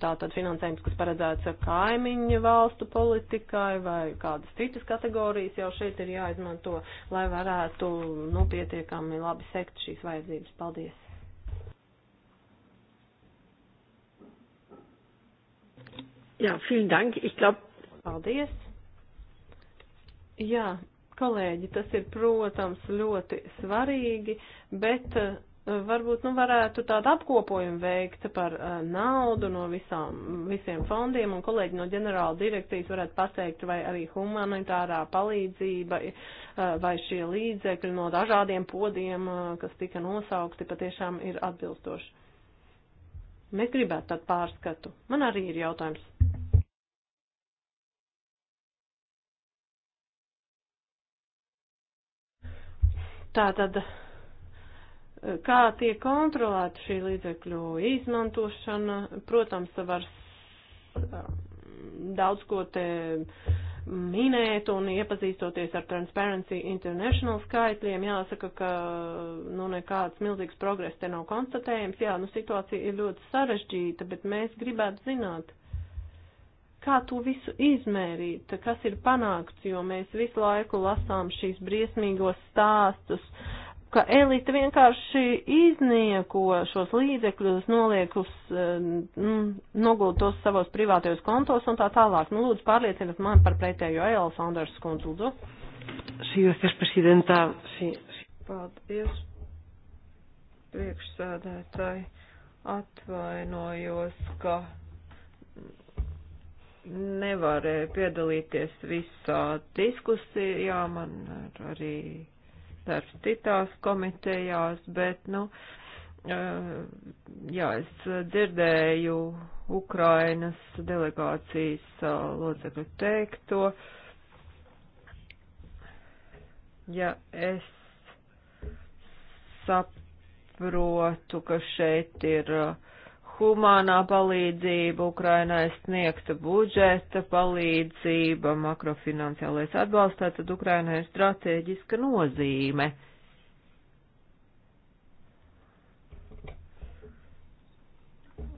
tātad finansējums, kas paredzēts kaimiņu valstu politikai vai kādas citas kategorijas jau šeit ir jāizmanto, lai varētu nu, pietiekami labi sekt šīs vajadzības? Paldies! Jā, vielen dank. Ich glaub... Paldies. Jā, kolēģi, tas ir, protams, ļoti svarīgi, bet uh, varbūt nu, varētu tādu apkopojumu veikt par uh, naudu no visām, visiem fondiem, un kolēģi no ģenerāla direkcijas varētu pateikt, vai arī humanitārā palīdzība, uh, vai šie līdzekļi no dažādiem podiem, uh, kas tika nosaukti, patiešām ir atbilstoši. Mēs gribētu tādu pārskatu. Man arī ir jautājums. Tātad. tad kā tiek kontrolēta šī līdzekļu izmantošana. Protams, var daudz ko te minēt un iepazīstoties ar Transparency International skaitļiem, jāsaka, ka nu, nekāds milzīgs progress te nav konstatējams. Jā, nu situācija ir ļoti sarežģīta, bet mēs gribētu zināt, kā to visu izmērīt, kas ir panākts, jo mēs visu laiku lasām šīs briesmīgos stāstus. Uh, ka elita vienkārši iznieko šos līdzekļus, noliek uz, mm, eh, nu, nogūt tos savos privātajos kontos un tā tālāk. Nu, lūdzu, pārlieciniet mani par pretējo Ēla Sanders kundzu, lūdzu. Sí, gracias, presidentā. Sí, sí. Paldies, priekšsēdētāji. Atvainojos, ka nevarēju piedalīties visā diskusijā. Man arī darbs citās komitejās, bet, nu, eh, jā, es dzirdēju Ukrainas delegācijas eh, locekļu teikto. Ja es saprotu, ka šeit ir uh, humānā palīdzība Ukrainai sniegta budžeta palīdzība, makrofinanciālais atbalsts, tad Ukrainai ir strateģiska nozīme.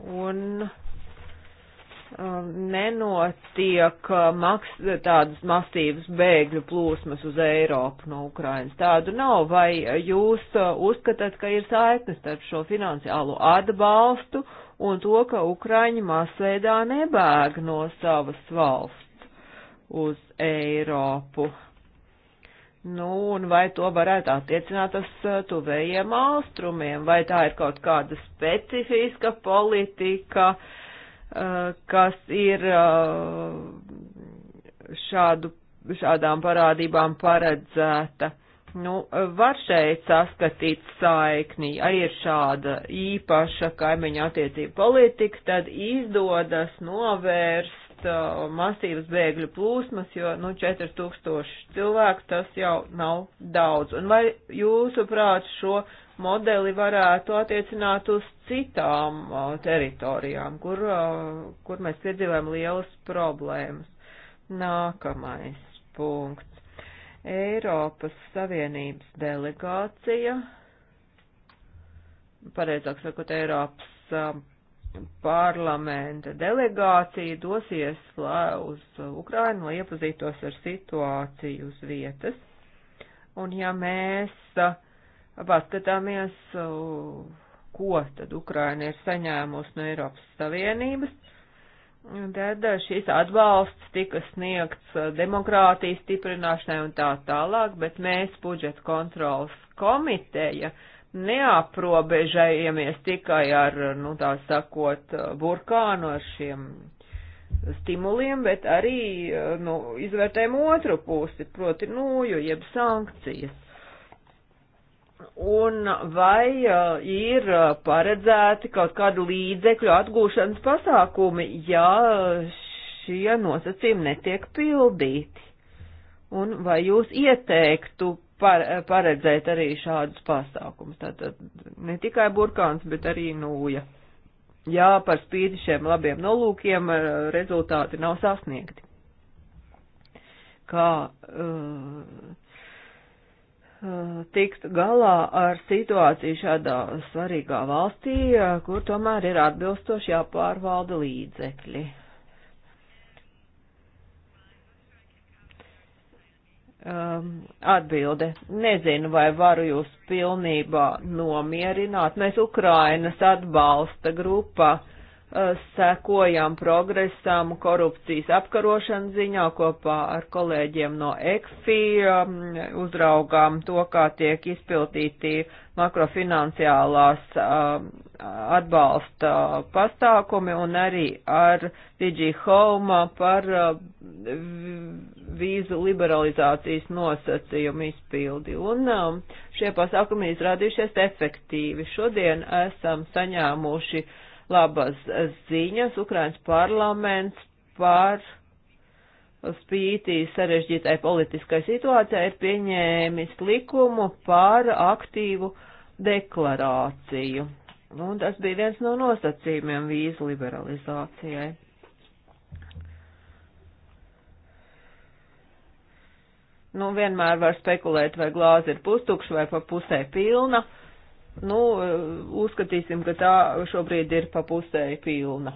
Un um, nenotiek uh, maks, tādas masīvas bēgļu plūsmas uz Eiropu no Ukrainas. Tādu nav, vai jūs uh, uzskatāt, ka ir saiknes starp šo finansiālo atbalstu un to, ka Ukraiņi masveidā nebēg no savas valsts uz Eiropu. Nu, un vai to varētu attiecināt uz uh, tuvējiem austrumiem, vai tā ir kaut kāda specifiska politika, uh, kas ir uh, šādu, šādām parādībām paredzēta? nu, var šeit saskatīt saikni, ja ir šāda īpaša kaimiņa attiecība politika, tad izdodas novērst uh, masīvas bēgļu plūsmas, jo, nu, 4000 cilvēku tas jau nav daudz. Un vai jūsuprāt šo modeli varētu attiecināt uz citām uh, teritorijām, kur, uh, kur mēs piedzīvojam lielas problēmas? Nākamais punkts Eiropas Savienības delegācija, pareizāk sakot, Eiropas um, parlamenta delegācija dosies lai, uz Ukrainu, lai iepazītos ar situāciju uz vietas. Un ja mēs uh, paskatāmies, uh, ko tad Ukraina ir saņēmusi no Eiropas Savienības, Tad eh, šis atbalsts tika sniegts eh, demokrātijas stiprināšanai un tā tālāk, bet mēs budžeta kontrolas komiteja neaprobežējamies tikai ar, nu tā sakot, eh, burkānu ar šiem stimuliem, bet arī, nu, izvērtējam otru pusi, proti nūju, jeb sankcijas. Un vai uh, ir uh, paredzēti kaut kādu līdzekļu atgūšanas pasākumi, ja uh, šie nosacījumi netiek pildīti? Un vai jūs ieteiktu par, uh, paredzēt arī šādus pasākumus? Tātad ne tikai burkāns, bet arī nūja. Jā, par spīti šiem labiem nolūkiem rezultāti nav sasniegti. Kā uh, Eh, tikt galā ar situāciju šādā svarīgā valstī, eh, kur tomēr ir atbilstoši jāpārvalda līdzekļi. Um, atbilde. Nezinu, vai varu jūs pilnībā nomierināt. Mēs Ukrainas atbalsta grupa uh, Eh, sekojam progresam korupcijas apkarošanas ziņā kopā ar kolēģiem no ECFI, um, uzraugām to, kā tiek izpildīti makrofinansiālās um, atbalsta pastākumi un arī ar Digi Home par uh, vīzu liberalizācijas nosacījumu izpildi. Un um, šie pasākumi izrādījušies efektīvi. Šodien esam saņēmuši uh, labas ziņas. Ukrainas parlaments par spītī sarežģītai politiskai situācijai ir pieņēmis likumu par aktīvu deklarāciju. Un tas bija viens no nosacījumiem vīzu liberalizācijai. Nu, vienmēr var spekulēt, vai glāze ir pustukša vai pa pusē pilna. Uh, Nu, uzskatīsim, ka tā šobrīd ir pa pusēji pilna.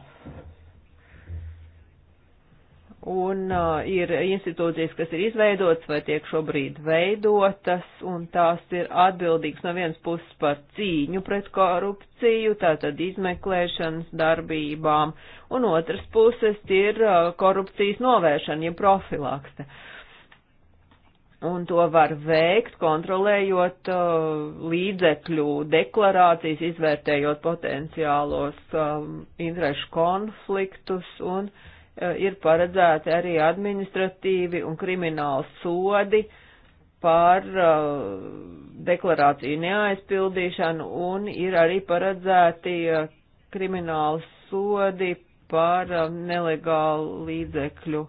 Un uh, ir institūcijas, kas ir izveidotas vai tiek šobrīd veidotas, un tās ir atbildīgas no vienas puses par cīņu pret korupciju, tātad izmeklēšanas darbībām, un otras puses ir uh, korupcijas novēršana, ja profilakse. Uh, un to var veikt, kontrolējot uh, līdzekļu deklarācijas, izvērtējot potenciālos um, interešu konfliktus, un uh, ir paredzēti arī administratīvi un krimināli sodi par uh, deklarāciju neaizpildīšanu, un ir arī paredzēti uh, krimināli sodi par uh, nelegālu līdzekļu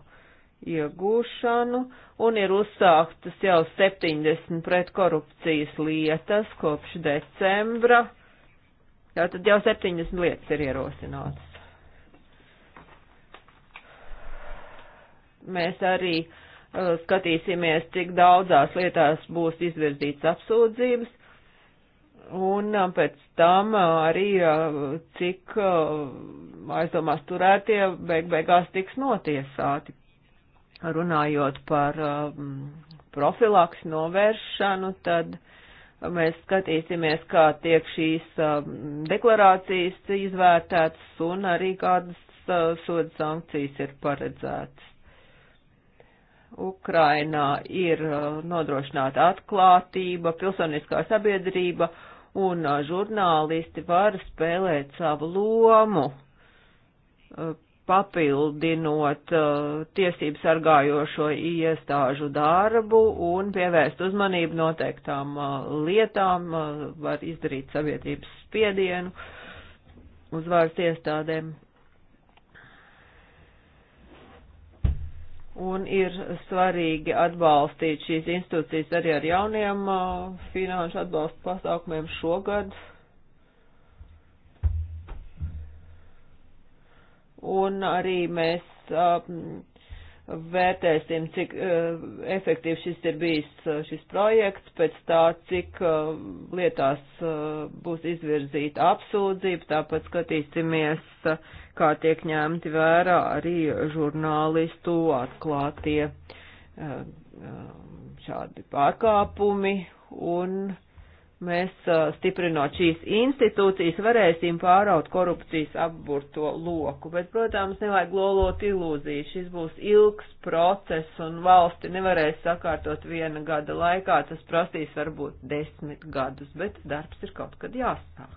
iegūšanu un ir uzsāktas jau 70 pretkorupcijas lietas kopš decembra. Tātad jau 70 lietas ir ierosinātas. Mēs arī uh, skatīsimies, cik daudzās lietās būs izvirzīts apsūdzības, un uh, pēc tam uh, arī uh, cik uh, aizdomās turētie beig beigās tiks notiesāti runājot par um, profilaks novēršanu, tad mēs skatīsimies, kā tiek šīs um, deklarācijas izvērtētas un arī kādas uh, soda sankcijas ir paredzētas. Ukrainā ir uh, nodrošināta atklātība, pilsoniskā sabiedrība un uh, žurnālisti var spēlēt savu lomu papildinot uh, tiesību sargājošo iestāžu darbu un pievērst uzmanību noteiktām uh, lietām, uh, var izdarīt sabiedrības spiedienu uz vārds iestādēm. Un ir svarīgi atbalstīt šīs institūcijas arī ar jauniem uh, finanšu atbalstu pasākumiem šogad. Uh, un arī mēs um, vērtēsim, cik uh, efektīvs šis ir bijis uh, šis projekts, pēc tā, cik uh, lietās uh, būs izvirzīta apsūdzība, tāpat skatīsimies, uh, kā tiek ņemti vērā arī žurnālistu atklātie uh, uh šādi pārkāpumi un uh, mēs, uh, stiprinot šīs institūcijas, varēsim pāraut korupcijas apburto loku. Bet, protams, nevajag lolot ilūziju. Šis būs ilgs process un valsti nevarēs sakārtot viena gada laikā. Tas prasīs varbūt desmit gadus, bet darbs ir kaut kad jāsāk.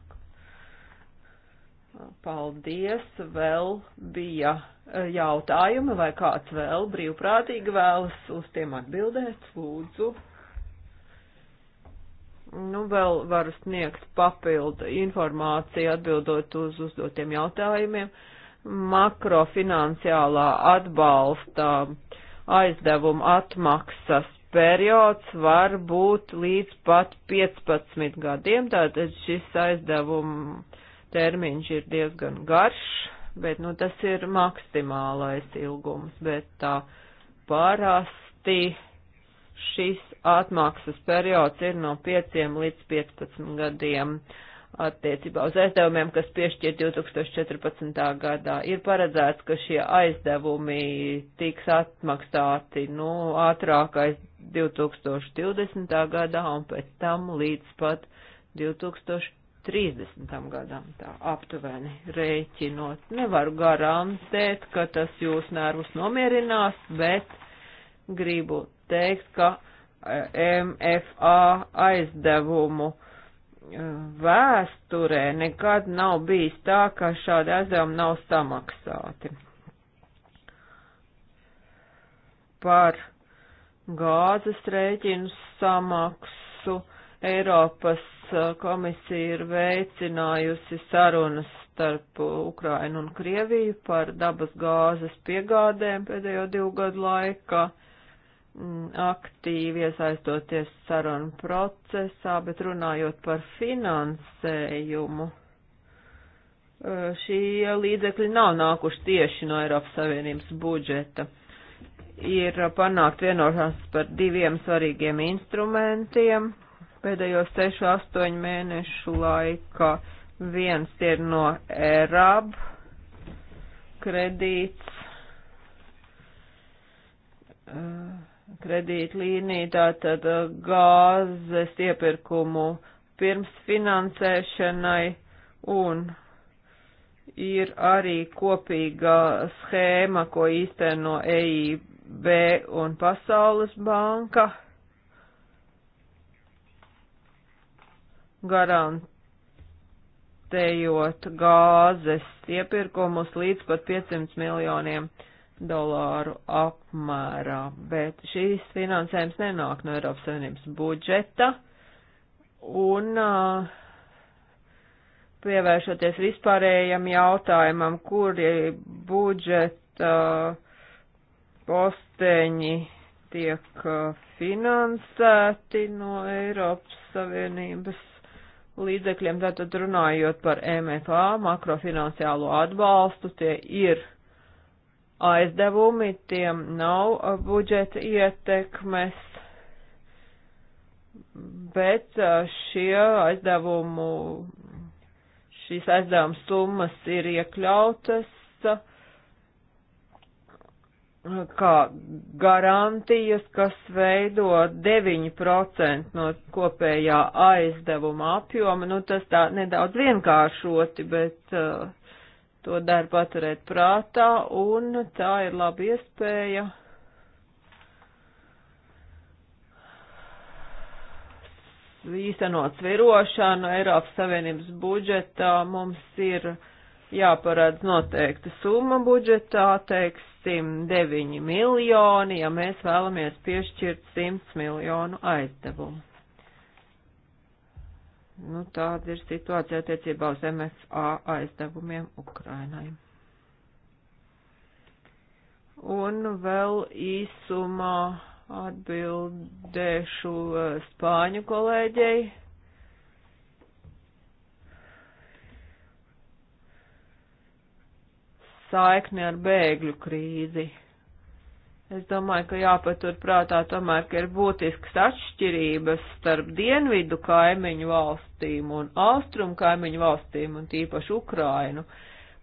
Paldies, vēl bija uh, jautājumi vai kāds vēl brīvprātīgi vēlas uz tiem atbildēt, lūdzu. Nu, vēl varu sniegt papildu informāciju atbildot uz uzdotiem jautājumiem. Makrofinansiālā atbalsta aizdevuma atmaksas periods var būt līdz pat 15 gadiem, tātad šis aizdevuma termiņš ir diezgan garš, bet, nu, tas ir maksimālais ilgums, bet tā parasti šis atmaksas periods ir no 5 līdz 15 gadiem attiecībā uz aizdevumiem, kas piešķirt 2014. gadā. Ir paredzēts, ka šie aizdevumi tiks atmaksāti nu, ātrāk aiz 2020. gadā un pēc tam līdz pat 2030. gadam. Tā aptuveni rēķinot. Nevaru garantēt, ka tas jūs nervus nomierinās, bet gribu teikt, ka e, MFA aizdevumu e, vēsturē nekad nav bijis tā, ka šādi aizdevumi nav samaksāti. Par gāzes rēķinu samaksu Eiropas e, komisija ir veicinājusi sarunas starp Ukrainu un Krieviju par dabas gāzes piegādēm pēdējo divu gadu laikā Mm, aktīvi iesaistoties sarunu procesā, bet runājot par finansējumu, eh, šī līdzekļi nav nākuši tieši no Eiropas Savienības budžeta. Ir panākt vienošanās par diviem svarīgiem instrumentiem pēdējos 6-8 mēnešu laikā. Viens ir no ERAB kredīts. Uh, kredītlīnija, tātad uh, gāzes iepirkumu pirms finansēšanai un ir arī kopīga schēma, ko īsteno EIB un Pasaules banka. garantējot gāzes iepirkumus līdz pat 500 miljoniem eiro dolāru apmērā, bet šīs finansējums nenāk no Eiropas Savienības budžeta un uh, pievēršoties vispārējam jautājumam, kuri budžeta posteņi tiek finansēti no Eiropas Savienības līdzekļiem, tātad runājot par MFA, makrofinanciālo atbalstu, tie ir aizdevumi, tiem nav budžeta ietekmes, bet šie aizdevumu, šīs aizdevuma summas ir iekļautas kā garantijas, kas veido 9% no kopējā aizdevuma apjoma. Nu, tas tā nedaudz vienkāršoti, bet uh, to dara paturēt prātā, un tā ir laba iespēja īstenot svirošanu Eiropas Savienības budžetā. Mums ir jāparādz noteikta summa budžetā, teiksim, 9 miljoni, ja mēs vēlamies piešķirt 100 miljonu aizdevumu. Nu, tāda ir situācija attiecībā uz MFA aizdevumiem Ukrainai. Un vēl īsumā atbildēšu eh, spāņu kolēģei. Saikni ar bēgļu krīzi. Es domāju, ka jāpatur prātā tomēr, ka ir būtisks atšķirības starp dienvidu kaimiņu valstīm un austrumu kaimiņu valstīm un tīpaši Ukrainu.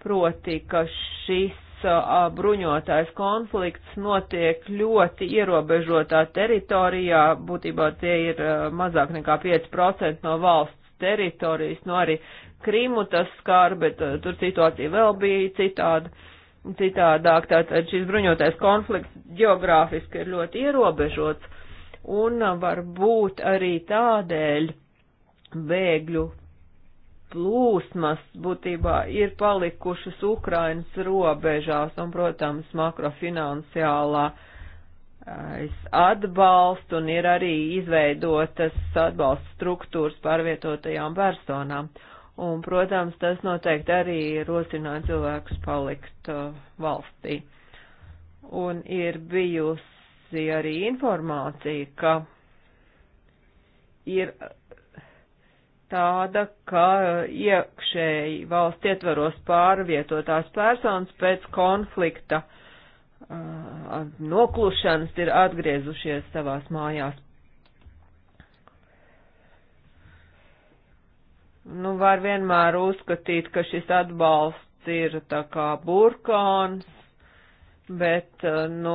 Proti, ka šis a, bruņotais konflikts notiek ļoti ierobežotā teritorijā, būtībā tie ir a, mazāk nekā 5% no valsts teritorijas, no arī Krimu tas skār, bet a, tur situācija vēl bija citāda citādāk. Tātad šis bruņotais konflikts geogrāfiski ir ļoti ierobežots un uh, varbūt arī tādēļ bēgļu plūsmas būtībā ir palikušas Ukrainas robežās un, protams, makrofinansiālā uh, atbalsts un ir arī izveidotas atbalsta struktūras pārvietotajām personām. Uh, un, protams, tas noteikti arī rosināja cilvēkus palikt uh, valstī. Un ir bijusi arī informācija, ka ir uh, tāda, ka uh, iekšēji valsts ietvaros pārvietotās personas pēc konflikta uh, noklušanas ir atgriezušies savās mājās Nu, var vienmēr uzskatīt, ka šis atbalsts ir tā kā burkāns, bet, eh, nu,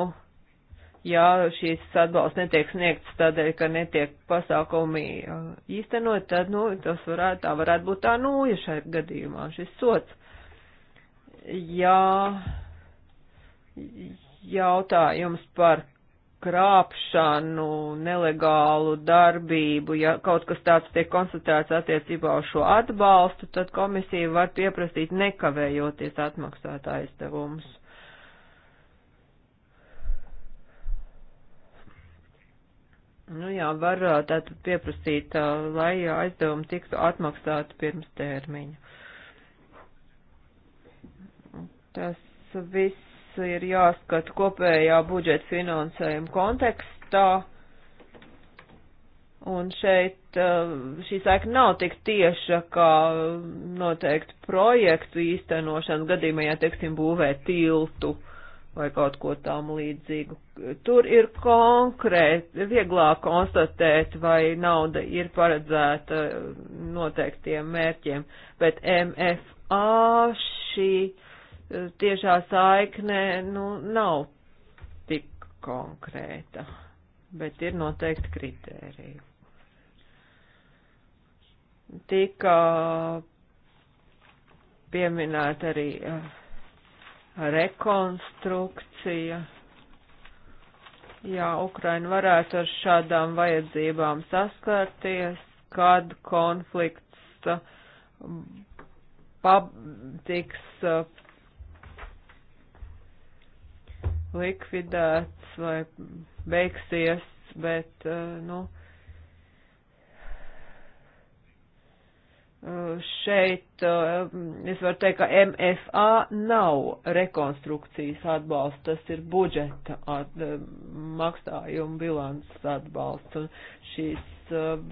ja šīs atbalsts netiek sniegts tādēļ, ka netiek pasākumi eh, īstenot, tad, nu, tas varētu, tā varētu būt tā nūja šai gadījumā, šis sots. Jā, jautājums par krāpšanu, nelegālu darbību, ja kaut kas tāds tiek konstatēts attiecībā uz šo atbalstu, tad komisija var pieprasīt nekavējoties atmaksāt aizdevumus. Nu jā, var tātad pieprasīt, lai aizdevumi tiktu atmaksāti pirms termiņa. Tas viss ir jāskat kopējā budžeta finansējuma kontekstā, un šeit uh, šī saikna nav tik tieša, kā noteikti projektu īstenošanas gadījumā, ja, teiksim, būvē tiltu vai kaut ko tam līdzīgu. Tur ir konkrēti, vieglāk konstatēt, vai nauda ir paredzēta noteiktiem mērķiem, bet MFA šī tiešā saikne nu, nav tik konkrēta, bet ir noteikti kritērija. Tika pieminēta arī eh, rekonstrukcija. Jā, Ukraina varētu ar šādām vajadzībām saskarties, kad konflikts eh, pab tiks eh, likvidēts vai beigsies, bet, uh, nu, uh, šeit uh, es varu teikt, ka MFA nav rekonstrukcijas atbalsts, tas ir budžeta at, maksājuma bilants atbalsts, un šīs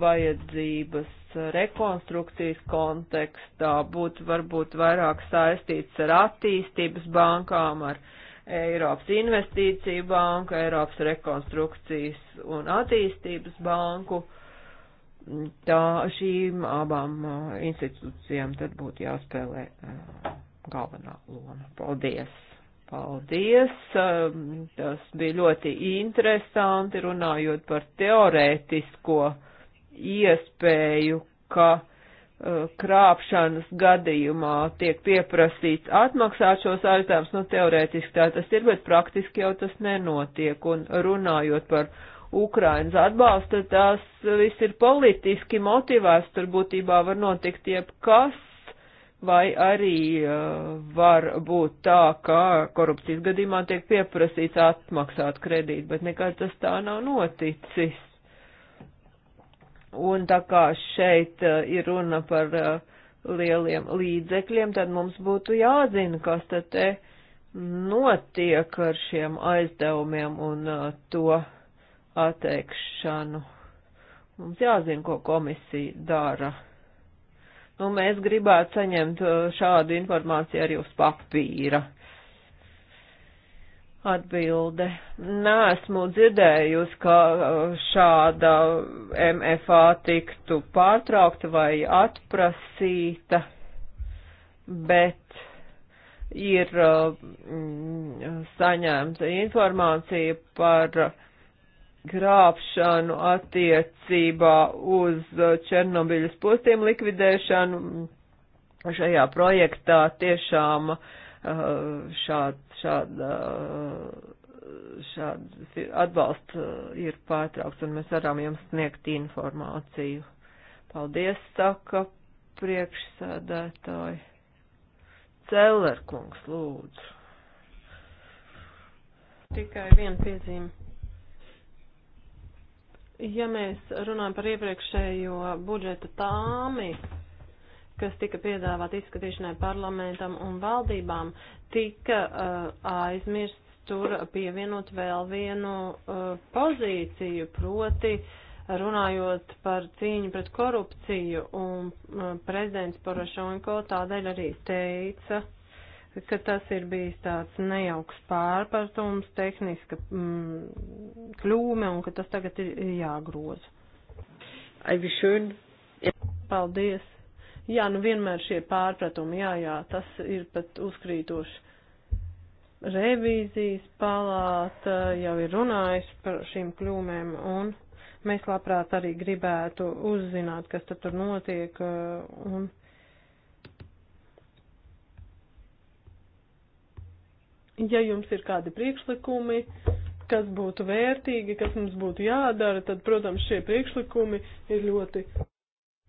vajadzības rekonstrukcijas kontekstā būtu varbūt vairāk saistīts ar attīstības bankām, ar uh, Eiropas investīciju banku, Eiropas rekonstrukcijas un attīstības banku. Tā šīm abām uh, institūcijām tad būtu jāspēlē uh, galvenā loma. Paldies! Paldies! Um, tas bija ļoti interesanti runājot par teorētisko iespēju, ka Uh, krāpšanas gadījumā tiek pieprasīts atmaksāt šos aizdevumus, nu teorētiski tā tas ir, bet praktiski jau tas nenotiek. Un runājot par Ukrainas atbalstu, tas viss ir politiski motivēts, tur būtībā var notikt jebkas, vai arī uh, var būt tā, ka korupcijas gadījumā tiek pieprasīts atmaksāt kredīt, bet nekad tas tā nav noticis Un tā kā šeit eh, ir runa par eh, lieliem līdzekļiem, tad mums būtu jāzina, kas tad te notiek ar šiem aizdevumiem un eh, to atteikšanu. Mums jāzina, ko komisija dara. Nu, mēs gribētu saņemt šādu informāciju arī uz papīra. Uh, Atbilde. Nē, esmu dzirdējusi, ka uh, šāda MFA tiktu pārtraukta vai atprasīta, bet ir uh, mm, saņemta informācija par grābšanu attiecībā uz Černobiļas postiem likvidēšanu. Šajā projektā tiešām uh, Eh, šād, šāda, eh, šāds atbalsts eh, ir pārtraukts un mēs varam jums sniegt informāciju. Paldies, saka priekšsēdētāji. Cellerkungs, lūdzu. Tikai viena piezīme. Ja mēs runājam par iepriekšējo budžeta tāmi, kas tika piedāvāt izskatīšanai parlamentam un valdībām, tika uh, aizmirsts tur pievienot vēl vienu uh, pozīciju, proti runājot par cīņu pret korupciju, un uh, prezidents Porošenko tādēļ arī teica, ka tas ir bijis tāds nejauks pārpratums, tehniska mm, kļūme, un ka tas tagad ir jāgroza. Aivi šön. Paldies Jā, nu vienmēr šie pārpratumi, jā, jā, tas ir pat uzkrītoši. Revīzijas palāta jau ir runājusi par šīm kļūmēm un mēs labprāt arī gribētu uzzināt, kas tad tur notiek uh, un. ja jums ir kādi priekšlikumi, kas būtu vērtīgi, kas mums būtu jādara, tad, protams, šie priekšlikumi ir ļoti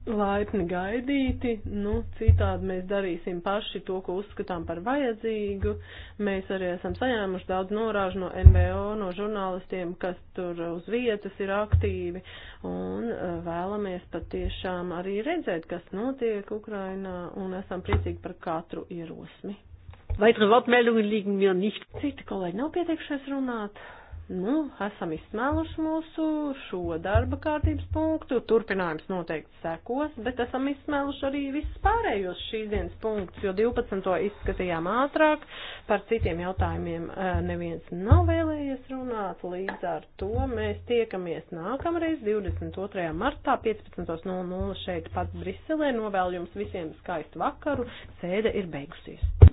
laipni gaidīti, nu, citādi mēs darīsim paši to, ko uzskatām par vajadzīgu. Mēs arī esam saņēmuši daudz norāžu no NVO, no žurnālistiem, kas tur uz vietas ir aktīvi, un eh, vēlamies patiešām arī redzēt, kas notiek Ukrainā, un esam priecīgi par katru ierosmi. Weitere Wortmeldungen liegen mir nicht. Citi kolēģi nav pieteikušies runāt. Nu, esam izsmēluši mūsu šo darba kārtības punktu. Turpinājums noteikti sekos, bet esam izsmēluši arī visus pārējos šīs dienas punktus, jo 12. izskatījām ātrāk, par citiem jautājumiem eh, neviens nav vēlējies runāt. Līdz ar to mēs tiekamies nākamreiz 22. martā 15.00 šeit pat Briselē. Novēlu jums visiem skaistu vakaru. Sēde ir beigusies.